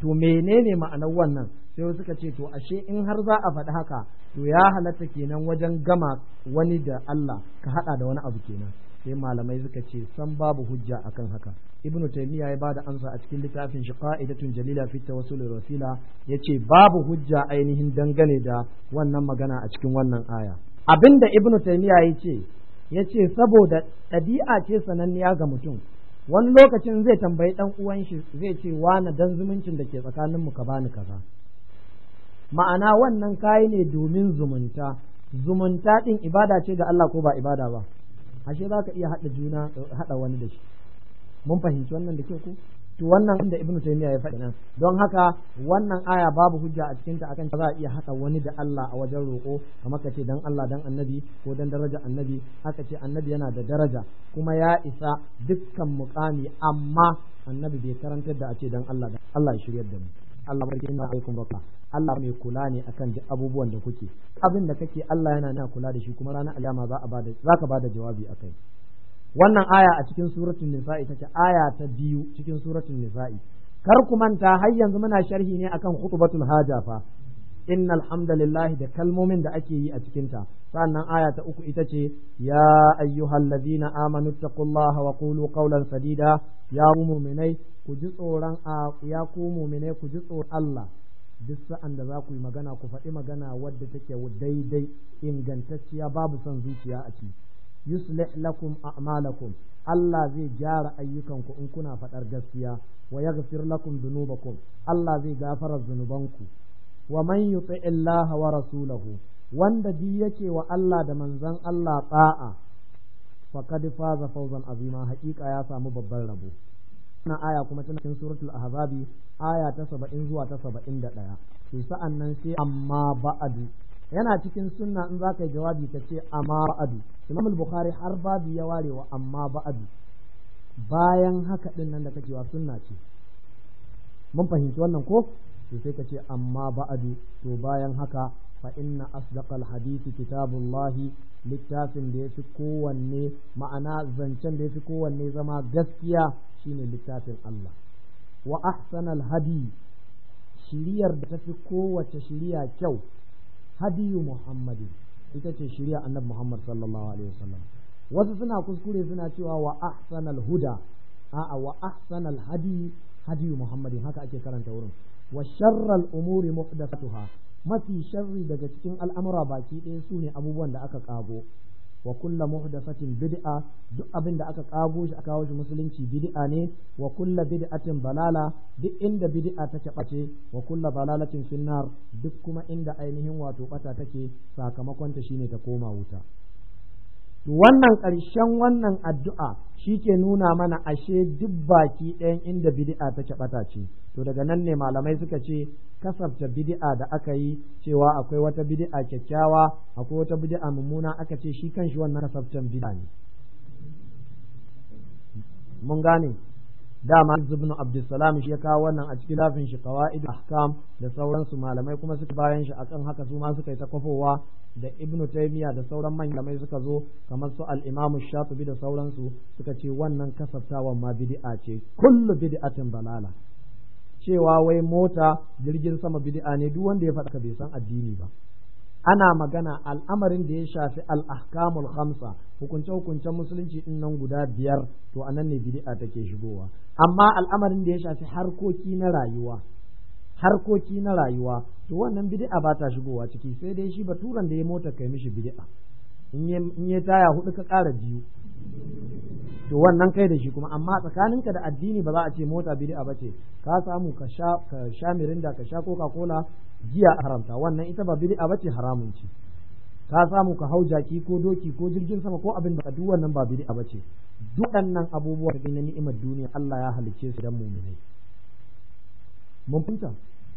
to menene ma'anar wannan sai suka ce to ashe in har za a faɗi haka to ya halatta kenan wajen gama wani da Allah ka haɗa da wani abu kenan sai malamai suka ce san babu hujja akan haka ibnu taymiya ya bada amsa a cikin littafin shi qa'idatun jalila fi tawassul rasila yace babu hujja ainihin dangane da wannan magana a cikin wannan aya abinda ibnu taymiya yace ya ce saboda ɗabi'a ce sananniya ga mutum wani lokacin zai tambayi ɗan uwan shi zai ce na dan zumuncin da ke tsakaninmu ka bani kaza ma'ana wannan kayi ne domin zumunta zumunta ɗin ibada ce ga Allah ko ba ibada ba ashe za ka iya haɗa juna haɗa wani da shi mun fahimci wannan da ke ku to wannan inda ibnu taymiya ya faɗi nan don haka wannan aya babu hujja a cikin ta akan za a iya haka wani da Allah a wajen roƙo kamar ka ce dan Allah dan annabi ko dan daraja annabi aka ce annabi yana da daraja kuma ya isa dukkan muƙami amma annabi bai karantar da a ce dan Allah Allah ya shiryar da mu Allah barke ina alaikum baka Allah mai kula ne akan duk abubuwan da kuke abin da kake Allah yana na kula da shi kuma ranar alama za a bada ka bada jawabi akai wannan aya a cikin suratul nisa'i take ce aya ta biyu cikin suratul nisa'i kar ku manta har yanzu muna sharhi ne akan khutbatul haja fa innal hamdalillah da kalmomin da ake yi a cikin ta sannan aya ta uku ita ce ya ladina amanu taqullaha wa qulu qawlan sadida ya mu'minai ku ji tsoron ya ku mu'minai ku ji tsoron Allah duk sa'an da za ku yi magana ku faɗi magana wadda take daidai ingantacciya babu son zuciya a ciki yuslih lakum a'malakum Allah zai gyara ku in kuna faɗar gaskiya wa yaghfir lakum dhunubakum Allah zai gafara zunubanku wa man yuti Allah wa rasulahu wanda bi yake wa Allah da manzon Allah ta'a faqad faza fawzan azima haƙiƙa ya samu babban rabo na aya kuma tana cikin suratul ahzabi aya ta 70 zuwa ta 71 to sa'annan sai amma ba'adu yana cikin sunna in za ka yi jawabi ka ce amma ba'adu imam al-bukhari har babu ya warewa amma ba'adu bayan haka din nan da kake wa sunna ce mun fahimci wannan ko to sai ka ce amma ba'adu to bayan haka fa inna asdaqal hadisi kitabullahi littafin da ya fi kowanne ma'ana zancen da ya fi kowanne zama gaskiya shine littafin Allah wa ahsanal hadi shiriyar da ta fi kowace shiriya kyau hadiyu muhammadin ita ce shirya annabi muhammad sallallahu alaihi wasallam wasu suna kuskure suna cewa wa ahsanal huda a'a wa ahsanal hadi hadiyu muhammadin haka ake karanta wurin wa sharral umuri muhdathatuha mafi sharri daga cikin al'amura baki ɗaya su ne abubuwan da aka kago wa kullu muhdathatin bid'a duk abin da aka kago shi aka kawo shi musulunci bid'a ne wa kullu bid'atin balala duk inda bid'a take bace wa kullu balalatin finnar duk kuma inda ainihin wato bata take sakamakon ta shine ta koma wuta wannan ƙarshen wannan addu'a shi ke nuna mana ashe duk baki ɗayan inda bidi'a ta caɓata ce to daga nan ne malamai suka ce kasafta bidi'a da aka yi cewa akwai wata bidi'a kyakkyawa akwai wata bidi'a mummuna aka ce shi kanshi wannan kasaftan bidi'a ne mun gane dama ibn abdulsalam shi ya kawo wannan a cikin lafin shi qawaid ahkam da sauransu malamai kuma suka bayan shi akan haka su ma suka yi ta kwafowa da ibn taymiya da sauran malamai suka zo kamar su al-imam da sauransu suka ce wannan kasaftawan ma bid'a ce kullu bid'atin balala cewa wai mota jirgin sama bid'a ne duk wanda ya faɗa ka bai san addini ba ana magana al'amarin da ya shafi al-ahkamul khamsa hukunce-hukuncen musulunci din nan guda biyar to a nan ne bid'a take shigowa amma al'amarin da ya shafi harkoki na rayuwa harkoki na rayuwa to wannan bid'a ba ta shigowa ciki sai dai shi baturan da ya mota kai mishi bid'a in ya taya hudu ka ƙara biyu to wannan kai da shi kuma amma tsakaninka da addini ba za a ce mota bid'a ba ce ka samu ka sha mirinda ka sha coca cola giya haramta wannan ita ba bid'a ba ce haramun ce ka samu ka hau jaki ko doki ko jirgin sama ko abin da duk wannan ba bid'a bace waɗannan abubuwa da na ni'imar duniya Allah ya halicce su dan mu'mini mun fita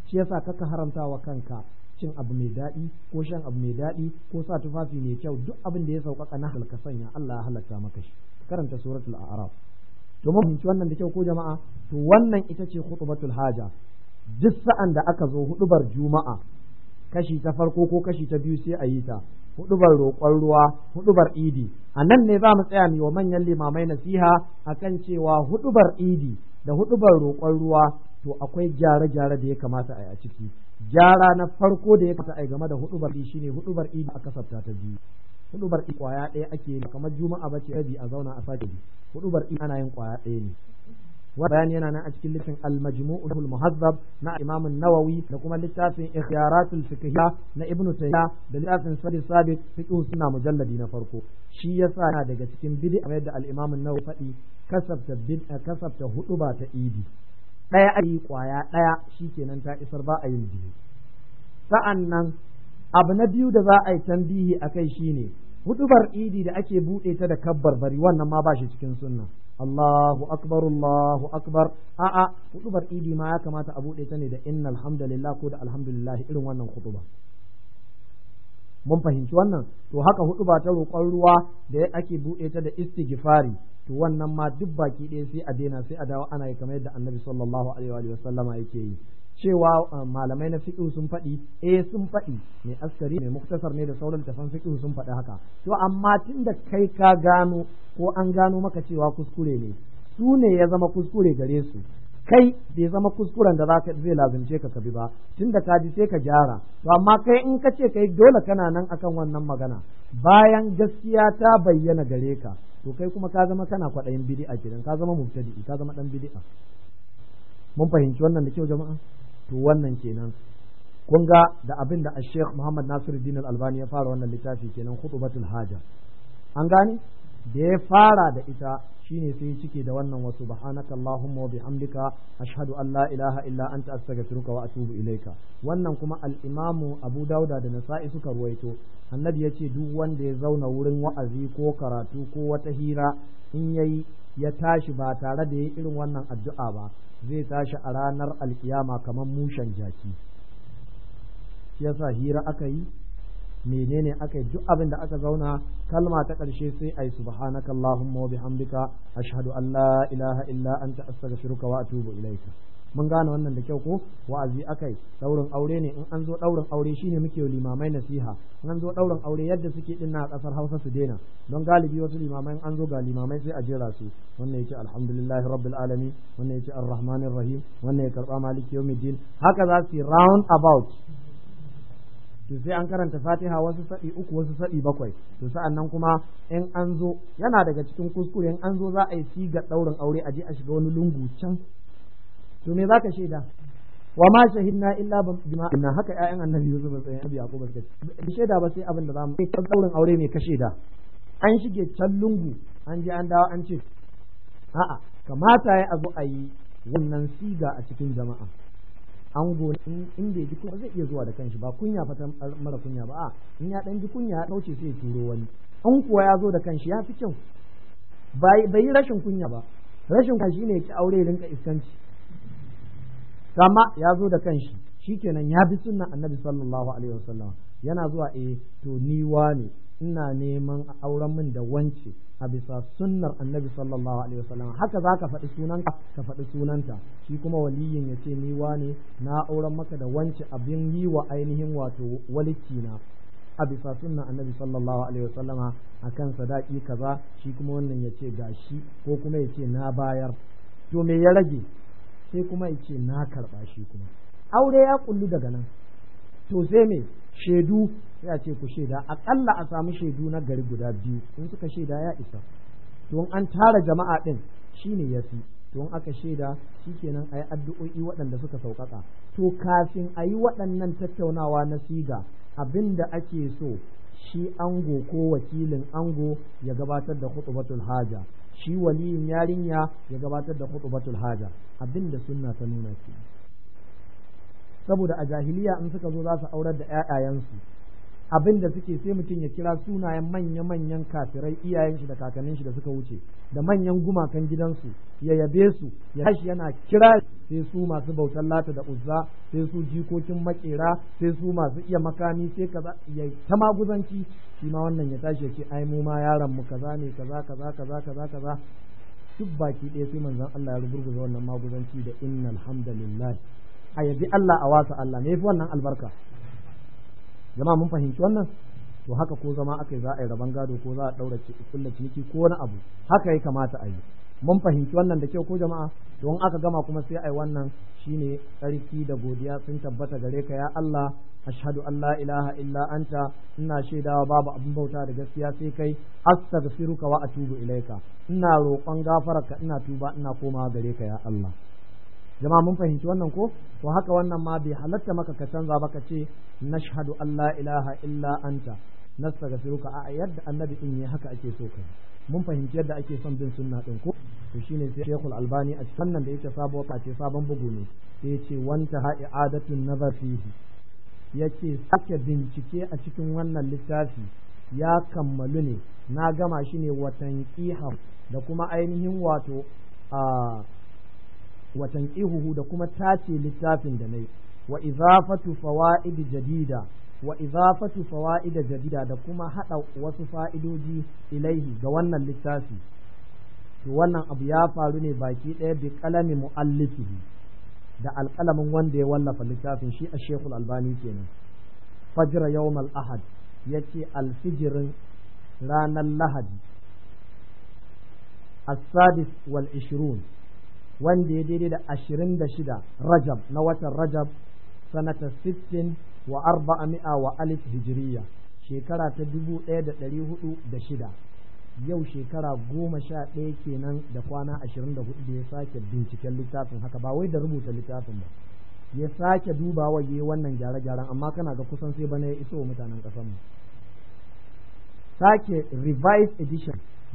shi yasa kaka haramta wa kanka cin abu mai daɗi ko shan abu mai daɗi ko sa tufafi mai kyau duk abin da ya sauƙaƙa na halka sanya Allah ya halatta maka shi karanta suratul a'raf to mun fahimci wannan da kyau ko jama'a to wannan ita ce khutbatul haja duk sa'an da aka zo hudubar juma'a kashi ta farko ko kashi ta biyu sai a yi ta hudubar roƙon ruwa hudubar idi a nan ne za mu tsaya mu wa manyan limamai nasiha a kan cewa hudubar idi da hudubar roƙon ruwa to akwai gyare-gyare da ya kamata a yi a ciki gyara na farko da ya kamata a yi game da hudubar idi shine hudubar idi a kasafta ta biyu hudubar idi kwaya ɗaya ake yi kamar juma'a bace rabi a zauna a sake hudubar idi ana yin kwaya ɗaya ne وبيان ينا أشكل لسن المجموع المهذب نا إمام النووي لكم لتاف إخيارات الفقهية نا ابن تيمية لتاف سد الثابت فقه سنة مجلد نفرقو شي يسا نا دقا سكين بدي أميد الإمام النووي فإي كسبت بد كسبت هدوبة إيدي ɗaya a yi ƙwaya ɗaya shi kenan ta isar ba a yin biyu sa'an nan abu na biyu da za a yi tambihi a kai shine hudubar idi da ake buɗe ta da kabbar bari wannan ma ba shi cikin sunna Allahu akbar Allahu akbar a'a hudubar idi ma ya kamata a bude ta ne da innal hamdalillah ko da alhamdulillah irin wannan hutuba mun fahimci wannan to haka huduba ta roƙon ruwa da ake bude ta da istighfari to wannan ma duk baki ɗaya sai a daina sai a dawo ana yi kamar yadda annabi sallallahu alaihi wa sallama yake yi cewa eh, malamai na fiƙi sun faɗi eh sun faɗi mai askari mai muktasar ne da sauran san fiƙi sun faɗi haka to amma tunda kai ka gano ko an gano maka cewa kuskure ne su ne ya zama kuskure gare su kai bai zama kuskuren da zaka zai lazimce ka kabi ba tunda ka ji sai ka gyara to amma kai in ka ce kai dole kana nan akan wannan magana bayan gaskiya ta bayyana gare ka to kai kuma ka zama kana kwaɗayin bidi'a gidan ka zama mubtadi ka zama dan bidi'a mun fahimci wannan da kyau jama'a to wannan kenan kun ga da abin da Sheikh Muhammad Nasiruddin Al-Albani ya fara wannan littafi kenan khutbatul haja an gane da ya fara da ita shine sai cike da wannan wa subhanaka allahumma wa bihamdika ashhadu an la ilaha illa anta astaghfiruka wa atubu ilaika wannan kuma al-imamu Abu Dauda da Nasa'i suka ruwaito annabi yace duk wanda ya zauna wurin wa'azi ko karatu ko wata hira in yayi ya tashi ba tare da yin irin wannan addu'a ba zai tashi a ranar alkiyama kamar mushen jaki yasa hira aka yi menene aka yi duk abin da aka zauna kalma ta ƙarshe sai ai subhanakallahumma wa bihamdika ashhadu an la ilaha illa anta astaghfiruka wa atubu ilaika mun gane wannan da kyau ko wa'azi akai daurin aure ne in an zo daurin aure shine muke limamai nasiha in an zo daurin aure yadda suke din na kasar Hausa su daina don galibi wasu limamai in an zo ga limamai sai a jera su wannan yake alhamdulillah rabbil alamin wannan yake arrahmanir rahim wannan ya karba maliki yawmiddin haka za su round about to sai an karanta fatiha wasu saɗi uku wasu saɗi bakwai to sa'an nan kuma in an zo yana daga cikin kuskure in an zo za a yi siga ɗaurin aure a je a shiga wani lungu can to me zaka shaida wa ma shahidna illa bima inna haka ƴaƴan annabi Yusuf da annabi Yaqub suka ce shaida ba sai abin da zamu kai tsaurin aure ne ka shaida an shige can an je an dawo an ce a'a kamata ya azo a yi wannan siga a cikin jama'a an gona in ya ji kuma zai iya zuwa da kanshi ba kunya fata mara kunya ba a in ya dan ji kunya ya dauce sai ya turo wani an kuwa ya zo da kanshi ya fi kyau bai yi rashin kunya ba rashin kunya shine ya ci aure rinka iskanci kama ya zo da kanshi shikenan ya bi sunan annabi sallallahu alaihi wasallam yana zuwa eh to ni ne ina neman auren min da wance a bisa sunnar annabi sallallahu alaihi wasallam haka za ka faɗi sunanka ka faɗi sunanta shi kuma waliyin ya ce ni ne na auren maka da wance abin yi wa ainihin wato waliki na a bisa sunan annabi sallallahu alaihi wasallama akan sadaki kaza shi kuma wannan ya ce gashi ko kuma ya ce na bayar to me ya rage sai kuma ya ce na karɓa shi kuma aure ya kullu daga nan to sai mai shaidu ya ce ku shaida aƙalla a samu shaidu na gari guda biyu in suka shaida ya isa to an tara jama'a ɗin shine ya fi to aka shaida shi shikenan ayi addu'o'i waɗanda suka sauƙaƙa to kafin ayi waɗannan tattaunawa na siga abinda ake so shi ango ko wakilin ango ya gabatar da khutbatul haja shi waliyin yarinya ya gabatar da khutbatul haja abinda sunna ta nuna shi. saboda a jahiliya in suka zo za su aurar da ƴaƴayensu abin da suke sai mutum ya kira sunayen manya-manyan kafirai iyayen shi da kakannin shi da suka wuce da manyan gumakan gidansu ya yabe su ya tashi yana kira sai su masu bautar lata da uzza sai su jikokin makera sai su masu iya makami sai kaza ya ta maguzanci shi ma wannan ya tashi ya ce ai mu ma yaron mu kaza ne kaza kaza kaza kaza kaza duk baki ɗaya sai manzon Allah ya rubuta wannan maguzanci da innal hamdalillah a yabi Allah a wasa Allah ne yafi wannan albarka jama'a mun fahimci wannan to haka ko zama aka yi za a yi rabon gado ko za a ɗaura kulla ciniki ko wani abu haka ya kamata a yi mun fahimci wannan da kyau ko jama'a don aka gama kuma sai a yi wannan shine tsarki da godiya sun tabbata gare ka ya Allah ashhadu an la ilaha illa anta ina shaidawa babu abin bauta da gaskiya sai kai astaghfiruka wa atubu ilaika ina roƙon gafararka ina tuba ina komawa gare ka ya Allah jama mun fahimci wannan ko to haka wannan ma bai halatta maka ka canza ba ka ce nashhadu an ilaha illa anta nastaghfiruka a yadda annabi in ne haka ake so kai mun fahimci yadda ake son bin sunna din ko to shine sai Sheikhul Albani a cikin nan da yake sabuwar kace sabon bugu ne sai yace wanta ha i'adatun nazar fihi yace sake bincike a cikin wannan littafi ya kammalu ne na gama shi ne watan da kuma ainihin wato a Watan tanqihuhu da kuma tace littafin da nayi wa idafatu fawaid jarida. wa idafatu fawaid jadida da kuma haɗa wasu fa'idodi ilaihi ga wannan littafi to wannan abu ya faru ne baki ɗaya bi kalami muallifihi da alƙalamin wanda ya wallafa littafin shi a Sheikhul Albani kenan fajr yawmal ahad yace alfijirin ranar lahadi السادس والعشرون wanda ya daidai da ashirin da shida rajab na watan rajab sanata sittin wa mi'a wa alif hijiriya shekara ta dubu ɗaya da ɗari hudu da shida yau shekara goma sha ɗaya kenan da kwana ashirin da hudu da ya sake binciken littafin haka ba wai da rubuta littafin ba ya sake dubawa ya wannan gyare-gyaren amma kana ga kusan sai bana ya iso wa mutanen mu sake revised edition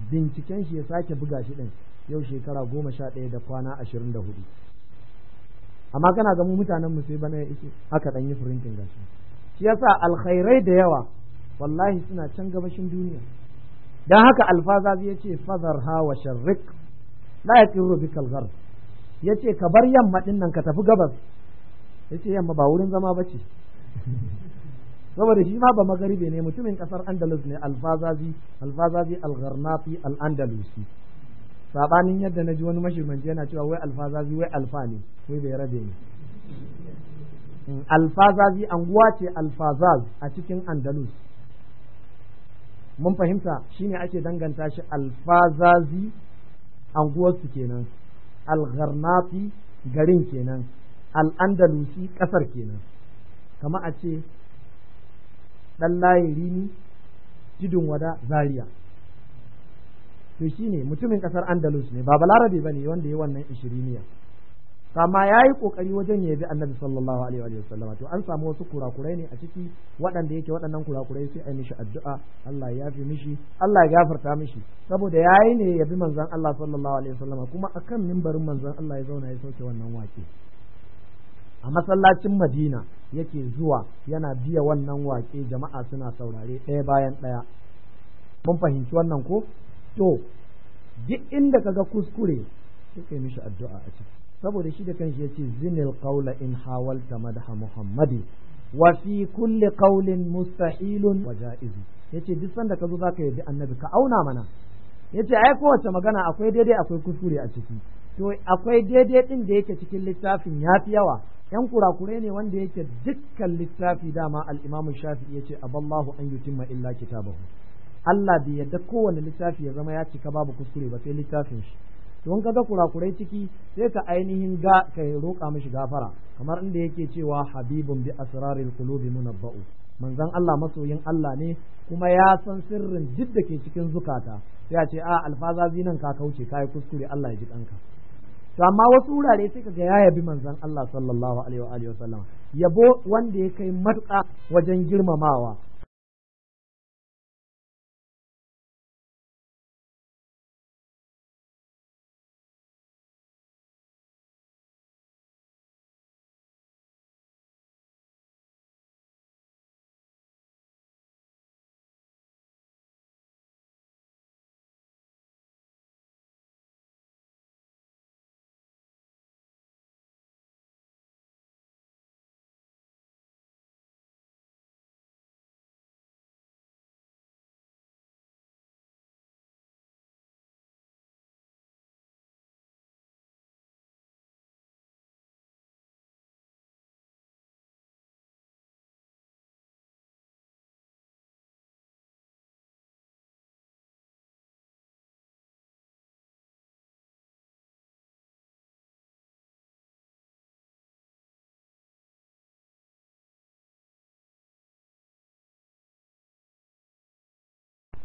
binciken shi ya sake buga shi ɗin yau shekara goma sha ɗaya da kwana ashirin da hudu amma kana ga mu mutanen mu sai bana yake aka dan yi printing gashi shi yasa alkhairai da yawa wallahi suna can gabashin duniya dan haka alfazazi yace fazar ha wa sharrik la yaqirru bika alghar yace ka bar yamma din nan ka tafi gabas yace yamma ba wurin zama bace <laughs> saboda shi ma ba magaribe ne mutumin kasar andalus ne alfazazi alfazazi algharnafi al-andalusi sabanin yadda na ji wani mashirmanci yana cewa wai alfazazi wai alfa ne wai bai rabe ne mm, alfazazi anguwa ce alfazaz a cikin andalus mun fahimta shine ake danganta shi alfazazi anguwarsu kenan algarnafi garin kenan al'andalusi ƙasar kenan kama a ce ɗan layin rini tidin wada zaria to ne mutumin kasar andalus ne ba balarabe ne wanda ya wannan ishiriniya kama ya yi ƙoƙari wajen ya bi annabi sallallahu alaihi wa sallam to an samu wasu kurakurai ne a ciki waɗanda yake waɗannan kurakurai sai a yi mishi addu'a Allah ya fi mishi Allah ya gafarta mishi saboda ya yi ne ya bi manzan Allah sallallahu alaihi wa sallam kuma akan mimbarin manzan Allah ya zauna ya sauke wannan wake a masallacin Madina yake zuwa yana biya wannan wake jama'a suna saurare ɗaya bayan ɗaya mun fahimci wannan ko to duk inda ga kuskure sai kai mishi addu'a a ciki saboda shi da kanshi yace zinil qawla in hawalta madha muhammadi wa fi kulli qawlin mustahilun wa jaiz yace duk sanda ka zo zaka yi annabi ka auna mana yace ai kowace magana akwai daidai akwai kuskure a ciki to akwai daidai din da yake cikin littafin yafi yawa yan kurakure ne wanda yake dukkan littafi dama al-Imam Shafi'i yace aballahu an yutimma illa kitabahu Allah bai yarda kowane littafi ya zama ya cika babu kuskure ba sai littafin shi To ka ga kurakurai ciki sai ka ainihin ga ka roƙa mishi gafara kamar inda yake cewa habibun bi asrarul qulubi munabba'u manzon Allah masoyin Allah ne kuma ya san sirrin duk da ke cikin zukata sai a ce a alfaza zinan ka kauce kai kuskure Allah ya ji danka to amma wasu wurare sai ga ya yabi manzon Allah sallallahu alaihi wa alihi yabo wanda ya kai matuƙa wajen girmamawa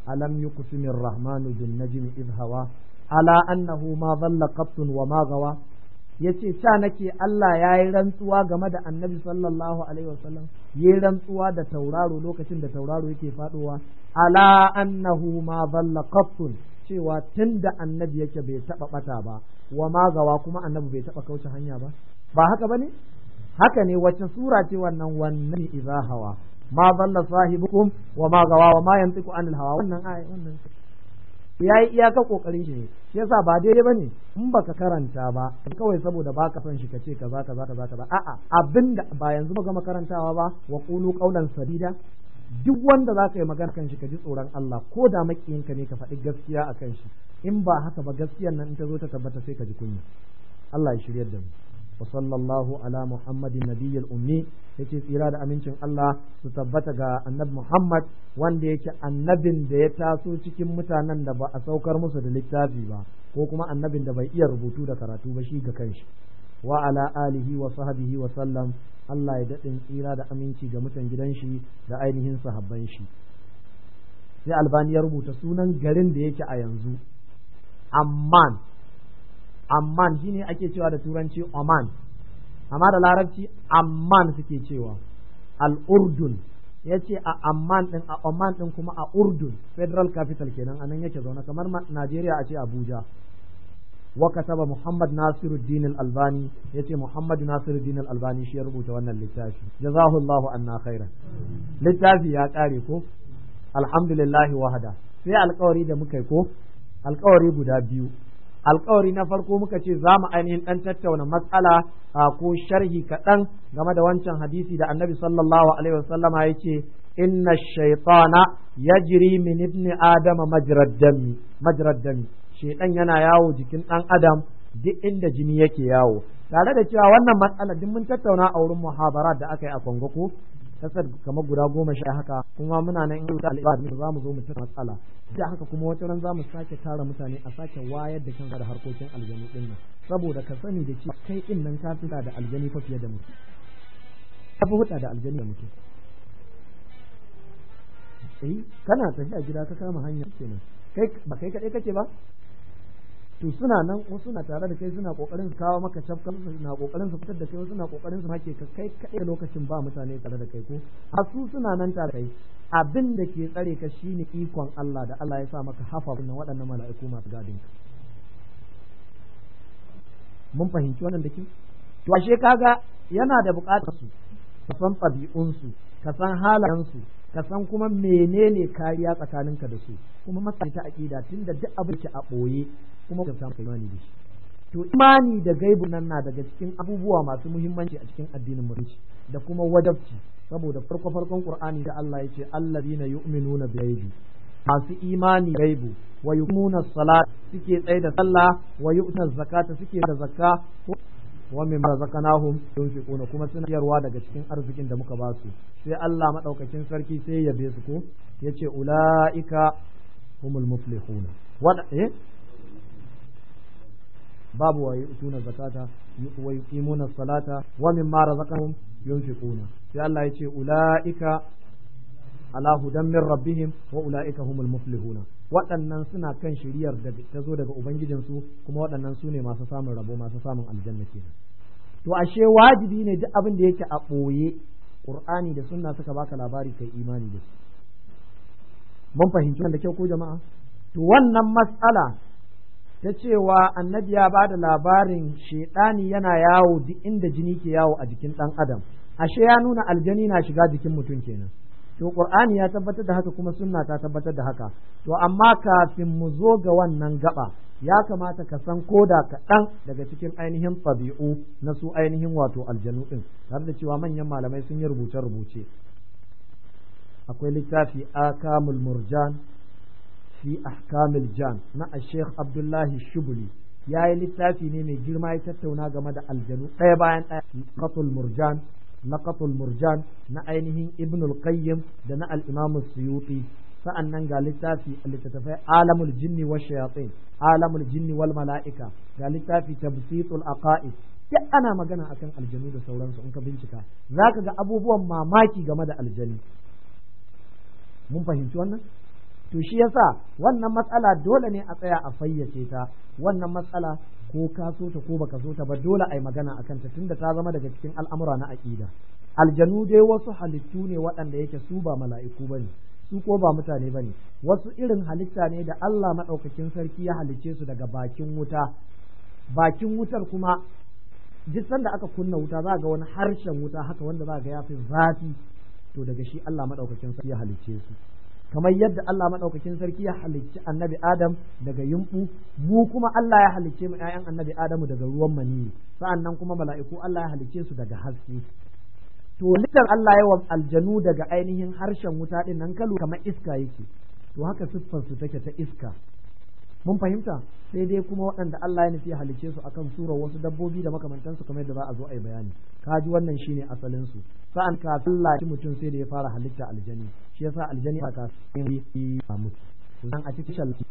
alam yuqsimir rahmanu bin najmi idh ala annahu ma zalla qattun wa ma gawa yace ta nake Allah ya yi rantsuwa game da annabi sallallahu alaihi wasallam yi rantsuwa da tauraro lokacin da tauraro yake faduwa ala annahu ma zalla qattun cewa da annabi yake bai taba bata ba wa ma gawa kuma annabi bai taba kauce hanya ba ba haka bane haka ne wacce sura ce wannan wannan idza hawa ma zalla sahibukum wa ma gawa wa ma yantiku anil hawa wannan ayi wannan yayi iyaka kokarin shi ne shi yasa ba daidai bane in baka karanta ba kawai saboda baka son shi ka ce kaza kaza kaza kaza a'a abinda ba yanzu ba gama karantawa ba wa qulu qawlan sadida duk wanda za ka yi magana kan shi ka ji tsoron Allah ko da makiyinka ne ka faɗi gaskiya a kan shi in ba haka ba gaskiyar nan in ta zo ta tabbata sai ka ji kunya Allah ya shiryar da mu wa sallallahu ala muhammadin nabiyyil ummi yace tsira da amincin Allah su tabbata ga annabi Muhammad wanda yake annabin da ya taso cikin mutanen da ba a saukar musu da littafi ba ko kuma annabin da bai iya rubutu da karatu ba shi ga kanshi wa ala alihi wa sahbihi wa sallam Allah ya daɗin tsira da aminci ga mutan gidan shi da ainihin sahabban shi sai albani ya rubuta sunan garin da yake a yanzu amman amman shi ne ake cewa da turanci oman amma da larabci amman suke cewa al'urdun ya ce a amman din oman din kuma a urdun federal capital kenan a nan yake zaune kamar najeriya a ce abuja waka saba muhammad nasiruddin albani ya ce muhammad nasiruddin albani shi ya rubuta wannan littafi jazahullahu anna khairan littafi ya kare ko alhamdulillah wahada sai alkawari da muka yi ko alkawari guda biyu alkawari na farko muka ce za mu ainihin ɗan tattauna matsala ko sharhi kaɗan game da wancan hadisi da annabi sallallahu alaihi wasallama ya ce inna shaitana yajri min ibn adama majrad dami majrad yana yawo jikin ɗan adam duk inda jini yake yawo tare da cewa wannan matsala duk mun tattauna a wurin muhabara da aka yi a Kongo ko kasar kamar guda goma sha haka kuma muna nan in da al'ibad za mu zo mu cika matsala da haka kuma wata ran za mu sake tara mutane a sake wayar da kan da harkokin aljanu din nan saboda ka sani da cewa kai din nan ka fita da aljani fa fiye da mutum ka fi huta da aljani da mutum eh kana tafiya gida ka kama hanya kenan kai ba kai kadai kake ba to suna nan wasu suna tare da kai suna kokarin su kawo maka cafka su na kokarin su fitar da kai wasu na kokarin su make ka kai kai lokacin ba mutane tare da kai ko a su suna nan tare da kai abin da ke tsare ka shine ikon Allah da Allah ya sa maka hafa na waɗannan mala'iku masu gadin mun fahimci wannan da to ashe kaga yana da buƙatar su ka san su ka san halayensu ka san kuma menene kariya tsakaninka da su kuma masani ta aqida tunda duk abin ki a boye kuma ka samu imani da shi to imani da gaibu nan na daga cikin abubuwa masu muhimmanci a cikin addinin musulunci da kuma wajabci saboda farko farkon qur'ani da Allah ya ce allazina yu'minuna bil ghaibi masu imani gaibu wa yuqimuna salat suke tsaye da sallah wa yu'tuna zakata suke da zakka wa min razaqnahum yunfiquna kuma suna yarwa daga cikin arzikin da muka ba su sai Allah madaukakin sarki sai ya yabe su ko yace ulaika humul muflihun wada eh babu wa yutuna zakata wa yuqimuna salata wa mimma razaqnahum yunfiquna sai Allah yace ulaika ala hudan min rabbihim wa ulaika humul muflihun waɗannan suna kan shiriyar da ta zo daga ubangijinsu kuma waɗannan su ne masu samun rabo masu samun aljanna kenan to ashe wajibi ne duk abin da yake a ɓoye ƙur'ani da sunna suka baka labari kai imani da su mun fahimci da kyau ko jama'a to wannan matsala ta cewa annabi ya bada da labarin shaidani yana yawo duk inda jini ke yawo a jikin ɗan adam ashe ya nuna aljani na shiga jikin mutum kenan to qur'ani ya tabbatar da haka kuma sunna ta tabbatar da haka to amma kafin mu zo ga wannan gaba ya kamata ka san koda kaɗan daga cikin ainihin tabi'u na su ainihin wato aljanu ɗin tare da cewa manyan malamai sun yi rubuce-rubuce akwai littafi akamul murjan fi ahkamil jan na ashekh abdullahi shubuli ya yi littafi ne mai girma ya tattauna game da aljanu ɗaya bayan ɗaya qatul murjan na qatul murjan na ainihin ibn al-qayyim da na al-imam suyuti sa'annan ga littafi littattafai alamul jinni wa shayatin alamul jinni wal mala'ika ga littafi tabsitul aqaid duk ana magana akan aljanu da sauransu in ka bincika zaka ga abubuwan mamaki game da aljanu mun fahimci wannan to shi yasa wannan matsala dole ne a tsaya a fayyace ta wannan matsala ko ka so ta ko baka so ta ba dole a yi magana a kanta tunda ta zama daga cikin al'amura na aqida aljanu dai wasu halittu ne waɗanda yake su ba mala'iku ba ne su ko ba mutane ba ne wasu irin halitta ne da Allah maɗaukakin sarki ya halicce su daga bakin wuta bakin wutar kuma duk sanda aka kunna wuta za ga wani harshen wuta haka wanda za ga ya fi zafi to daga shi Allah maɗaukakin sarki ya halicce su kamar yadda Allah maɗaukakin sarki ya halicci annabi Adam daga yumɓu mu kuma Allah ya halicce mu ƴaƴan annabi Adamu daga ruwan maniyi sa'annan kuma mala'iku Allah ya halicce su daga haske to litar Allah ya wa aljanu daga ainihin harshen wuta din nan kalu kamar iska yake to haka siffar su take ta iska mun fahimta sai dai kuma waɗanda Allah ya nufi halicce su akan sura wasu dabbobi da makamantansu kamar da za a zo a yi bayani kaji wannan shine asalin su sa'an kafin Allah mutum sai da ya fara halitta aljani shi yasa aljani ba ta yi a mutu nan a cikin shalki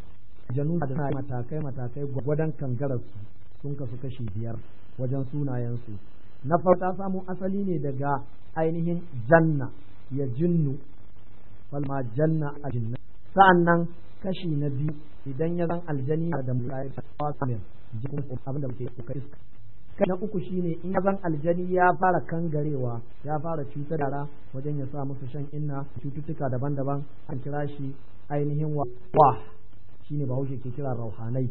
janu da matakai matakai gwadon kangarar su sun kasu kashi biyar wajen sunayensu na farko samu asali ne daga ainihin janna ya jinnu falma janna a sa'an nan kashi na biyu idan ya zan aljani da mutane da wasu abin da muke iska na uku shine in ya zan aljani ya fara kangarewa ya fara cutar yara wajen ya sa musu shan inna cututtuka daban-daban an kira shi ainihin wa shine bahaushe ke kira rauhanai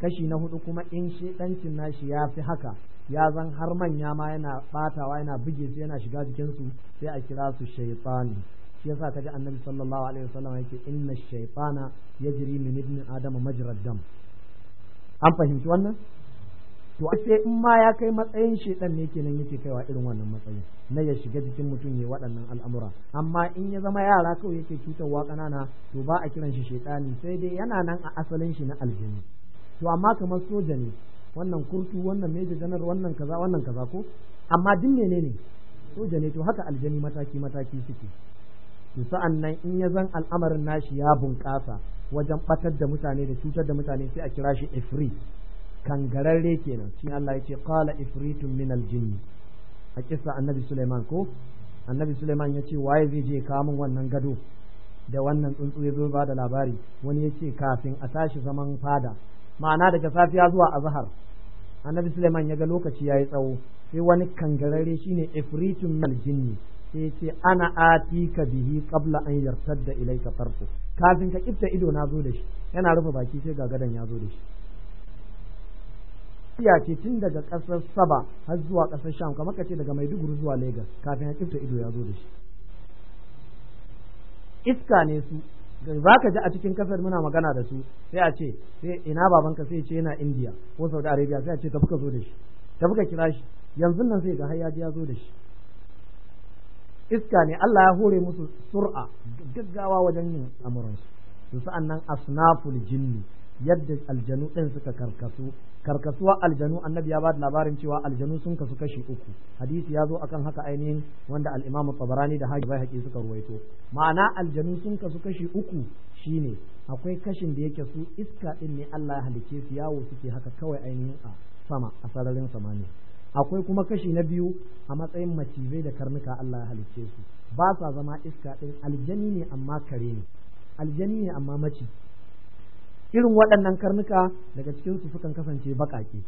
kashi na hudu kuma in shedancin nashi ya fi haka ya zan har manya ma yana batawa yana buge su yana shiga jikin su sai a kira su shaitani shi yasa kaji annabi sallallahu alaihi wasallam yake inna shaytana yajri min ibn adam majra dam an fahimci wannan to ashe in ma ya kai matsayin shedan ne kenan yake kaiwa irin wannan matsayin na ya shiga jikin mutum ya waɗannan al'amura amma in ya zama yara kawai yake cutarwa ƙanana to ba a kiran shi shedani sai dai yana nan a asalin shi na aljini to amma kamar soja ne wannan kurtu wannan major janar wannan kaza wannan kaza ko amma duk menene soja ne to haka aljani mataki mataki suke to sa'an nan in ya zan al'amarin nashi ya bunƙasa wajen ɓatar da mutane da cutar da mutane sai a kira shi ifrit kangararre kenan shi Allah ya ce qala ifritun min aljinn a kisa annabi Sulaiman ko annabi Suleiman ya ce waye zai je kamun wannan gado da wannan tsuntsu ya zo ba da labari wani ya ce kafin a tashi zaman fada ma'ana daga safiya zuwa azhar annabi Suleiman ya ga lokaci yayi tsawo sai wani kangararre shine ifritun min aljinn sai ya ce ana atika bihi qabla an yartadda ilayka tarfu kafin ka kitta ido na zo da shi yana rufe baki sai ga gadan ya zo da shi tafiya ce tun daga ƙasar saba har zuwa ƙasar sham kamar ka ce daga maiduguri zuwa legas kafin ya kifta ido ya zo da shi iska ne su za ka ji a cikin kasar muna magana da su sai a ce sai ina babanka sai ce yana indiya ko saudi arabia sai a ce tafi ka zo da shi tafi kira shi yanzu nan sai ga har ya zo da shi iska ne Allah ya hore musu sur'a gaggawa wajen yin amuransu su sa'an nan asnaful jinni yadda aljanu ɗin suka karkasu karkasuwa aljanu annabi ya bada labarin cewa aljanu sun kasu kashi uku hadisi ya zo akan haka ainihin wanda al'imamu tsabarani da hajji bai suka ruwaito ma'ana aljanu sun kasu kashi uku shine akwai kashin da yake su iska ɗin ne Allah ya halice su yawo suke haka kawai ainihin a sama a sararin samaniya akwai kuma kashi na biyu a matsayin macizai da karnuka Allah ya halice su ba sa zama iska ɗin aljani ne amma kare ne aljani ne amma maciji irin waɗannan karnuka daga cikin sukan kasance baƙaƙe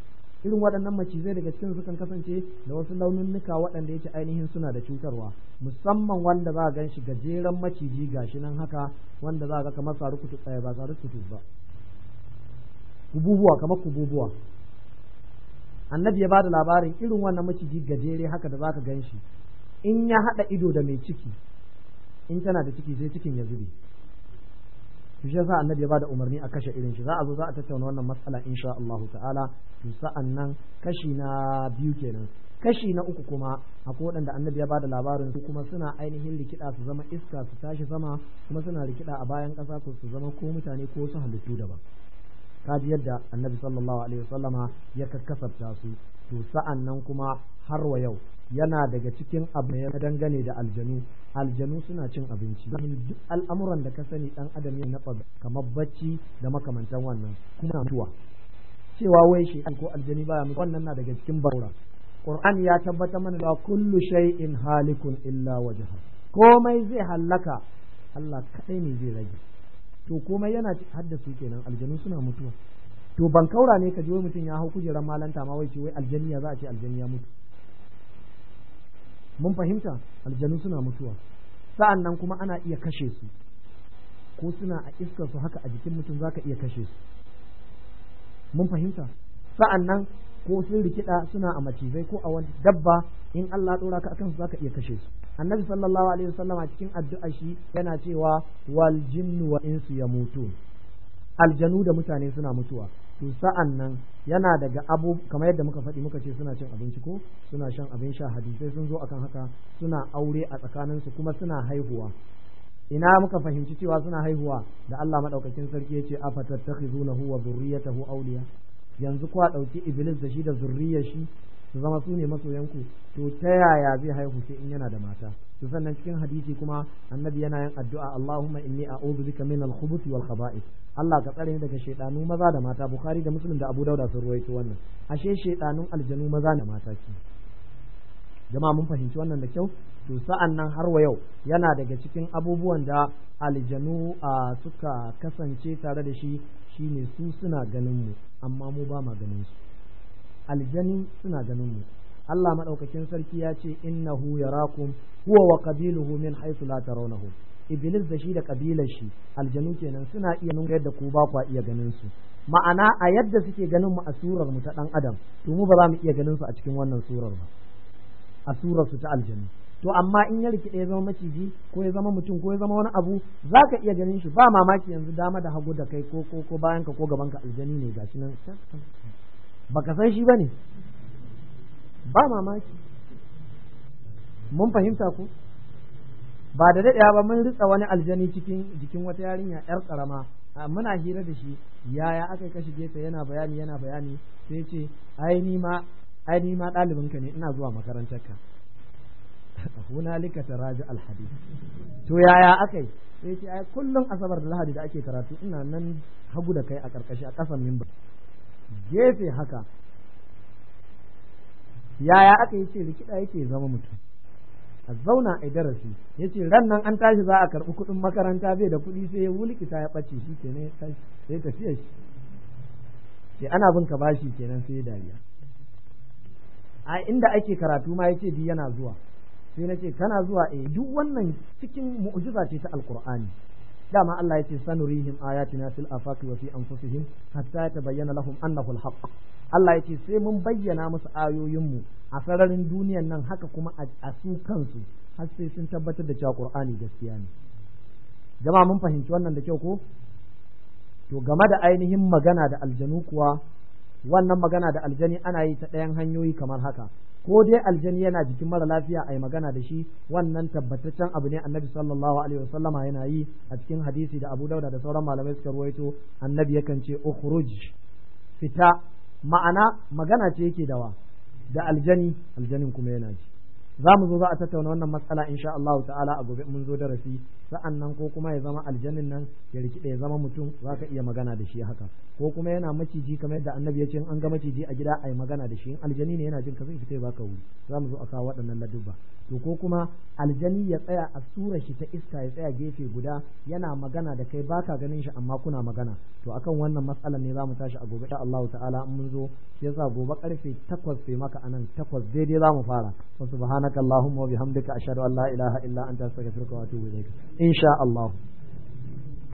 irin waɗannan macizai daga cikin sukan kasance da wasu launin launinnuka waɗanda ya ci ainihin suna da cutarwa musamman wanda za a gan shi gajeren maciji gashi nan haka wanda za a ga kamar saru kutu tsaye eh, ba saru kutu ba kububuwa kamar kububuwa annabi ya ba da labarin irin wannan maciji gajere haka da za ka gan shi in ya haɗa ido da mai ciki in tana da ciki sai cikin ya zube shi yasa annabi ya bada umarni a kashe irin shi za a zo za a tattauna wannan matsala insha Allah ta'ala to sa'annan kashi na biyu kenan kashi na uku kuma akwai waɗanda annabi ya bada labarin su kuma suna ainihin rikida su zama iska su tashi sama kuma suna rikida a bayan ƙasa ko su zama ko mutane ko su halittu daban kaji yadda annabi sallallahu alaihi wasallama ya kakkasafta su to sa'annan kuma har wa yau yana daga cikin abu ya dangane da aljanu aljanu suna cin abinci duk al'amuran da ka sani dan adam ya nafa kamar bacci da makamantan wannan kuma mutuwa cewa wai shi ko aljani baya mutu wannan na daga cikin barura qur'an ya tabbata mana da kullu shay'in halikun illa wajha komai zai hallaka Allah kadai ne zai rage to komai yana haddasu kenan aljanu suna mutuwa to ban kaura ne ka ji wai mutum ya hau kujerar malanta ma wai ce wai ya za a ce ya mutu mun fahimta aljanu suna mutuwa sa'an nan kuma ana iya kashe su ko suna a iskar su haka a jikin mutum zaka iya kashe su mun fahimta sa'an nan ko sun rikida suna a macizai ko a wani dabba in Allah dora ka akan su zaka iya kashe su annabi sallallahu alaihi wasallama cikin addu'a shi yana cewa wal jinnu wa insu yamutun aljanu da mutane suna mutuwa to sa'an nan yana daga abu kamar yadda muka faɗi muka ce suna cin abinci ko suna shan abin sha hadisai sun zo akan haka suna aure a tsakaninsu kuma suna haihuwa ina muka fahimci cewa suna haihuwa da Allah madaukakin sarki yace afatattakhizunahu wa dhurriyyatahu awliya yanzu a dauki iblis da shi da zurriyar shi su zama su ne masoyanku to ta yaya zai haihu sai in yana da mata to sannan cikin hadisi kuma annabi yana yin addu'a Allahumma inni a'udhu bika min al-khubuth wal khaba'ith Allah ka tsare ni daga shedanu maza da mata Bukhari da Muslim da Abu Dauda sun ruwaito wannan ashe shedanun aljanu maza da mata ki. jama'a mun fahimci wannan da kyau to sa'an nan har wa yau yana daga cikin abubuwan da aljanu a suka kasance tare da shi shine su suna ganin mu amma mu ba ma ganin su aljanu suna ganin mu Allah madaukakin sarki ya ce innahu yarakum huwa wa qabiluhu min haythu la tarawnahum iblis da shi da kabilar shi aljanu kenan suna iya nuna yadda ku ba kwa iya ganin su ma'ana a yadda suke ganin mu a surar mu ta dan adam to mu ba za mu iya ganin su a cikin wannan surar ba a surar su ta aljanu to amma in ya rikide ya zama maciji ko ya zama mutum ko ya zama wani abu zaka iya ganin shi ba mamaki yanzu dama da hagu da kai ko ko ko bayan ka ko gaban ka aljani ne gashi nan baka san shi bane ba mamaki mun fahimta ku ba da daɗewa ba mun ritsa wani aljani cikin jikin wata yarinya yar karama muna hira da shi yaya aka yi kashi gefe yana bayani yana bayani sai ce ai ma ai ni ma ɗalibinka ne ina zuwa makarantarka <laughs> hunalika taraju alhadi to yaya aka yi sai ce ai kullum asabar da lahadi da ake karatu ina nan hagu da kai a karkashi a kasan mimbar gefe haka yaya aka yi ce likita yake zama mutum a zauna a darasi ya ce ran nan an tashi za a karɓi kuɗin makaranta bai da kuɗi sai ya likita ya ɓace shi kenan ya tashi sai tafiya shi sai ana bin ka bashi kenan sai dariya a inda ake karatu ma yace bi yana zuwa sai na ce kana zuwa eh duk wannan cikin mu'ujiza ce ta alkur'ani. dama Allah ya ce sanurihim ayatina fil afaqi wa fi anfusihim hatta tabayyana lahum annahu alhaq Allah ce sai mun bayyana musu ayoyin mu a sararin duniyan nan haka kuma a su kansu har sai sun tabbatar da cewa Qur'ani gaskiya ne jama'a mun fahimci wannan da kyau ko to game da ainihin magana da aljanu kuwa wannan magana da aljani ana yi ta ɗayan hanyoyi kamar haka ko dai aljani yana jikin mara lafiya a yi magana da shi wannan tabbataccen abu ne annabi sallallahu alaihi wasallama yana yi a cikin hadisi da abu dauda da sauran malamai suka ruwaito annabi yakan ce ukhruj fita ma'ana magana ce yake dawa da aljani aljanin kuma yana ji za mu zo za a tattauna wannan matsala insha Allah ta'ala a gobe mun zo darasi sa'an nan ko kuma ya zama aljanin nan ya rikide ya zama mutum za ka iya magana da shi haka ko kuma yana maciji kamar yadda annabi ya ce an ga maciji a gida a yi magana da shi in aljani ne yana jin ka zai fita ya baka wuri za mu zo a kawo waɗannan ladubba to ko kuma aljani ya tsaya a surar shi ta iska ya tsaya gefe guda yana magana da kai baka ganin shi amma kuna magana to akan wannan matsalar ne za mu tashi a gobe da Allah ta'ala in mun zo shi yasa gobe karfe takwas sai maka anan takwas daidai za mu fara wa subhanakallahumma wa bihamdika ashhadu an la ilaha illa anta astaghfiruka wa atubu ilaik insha Allah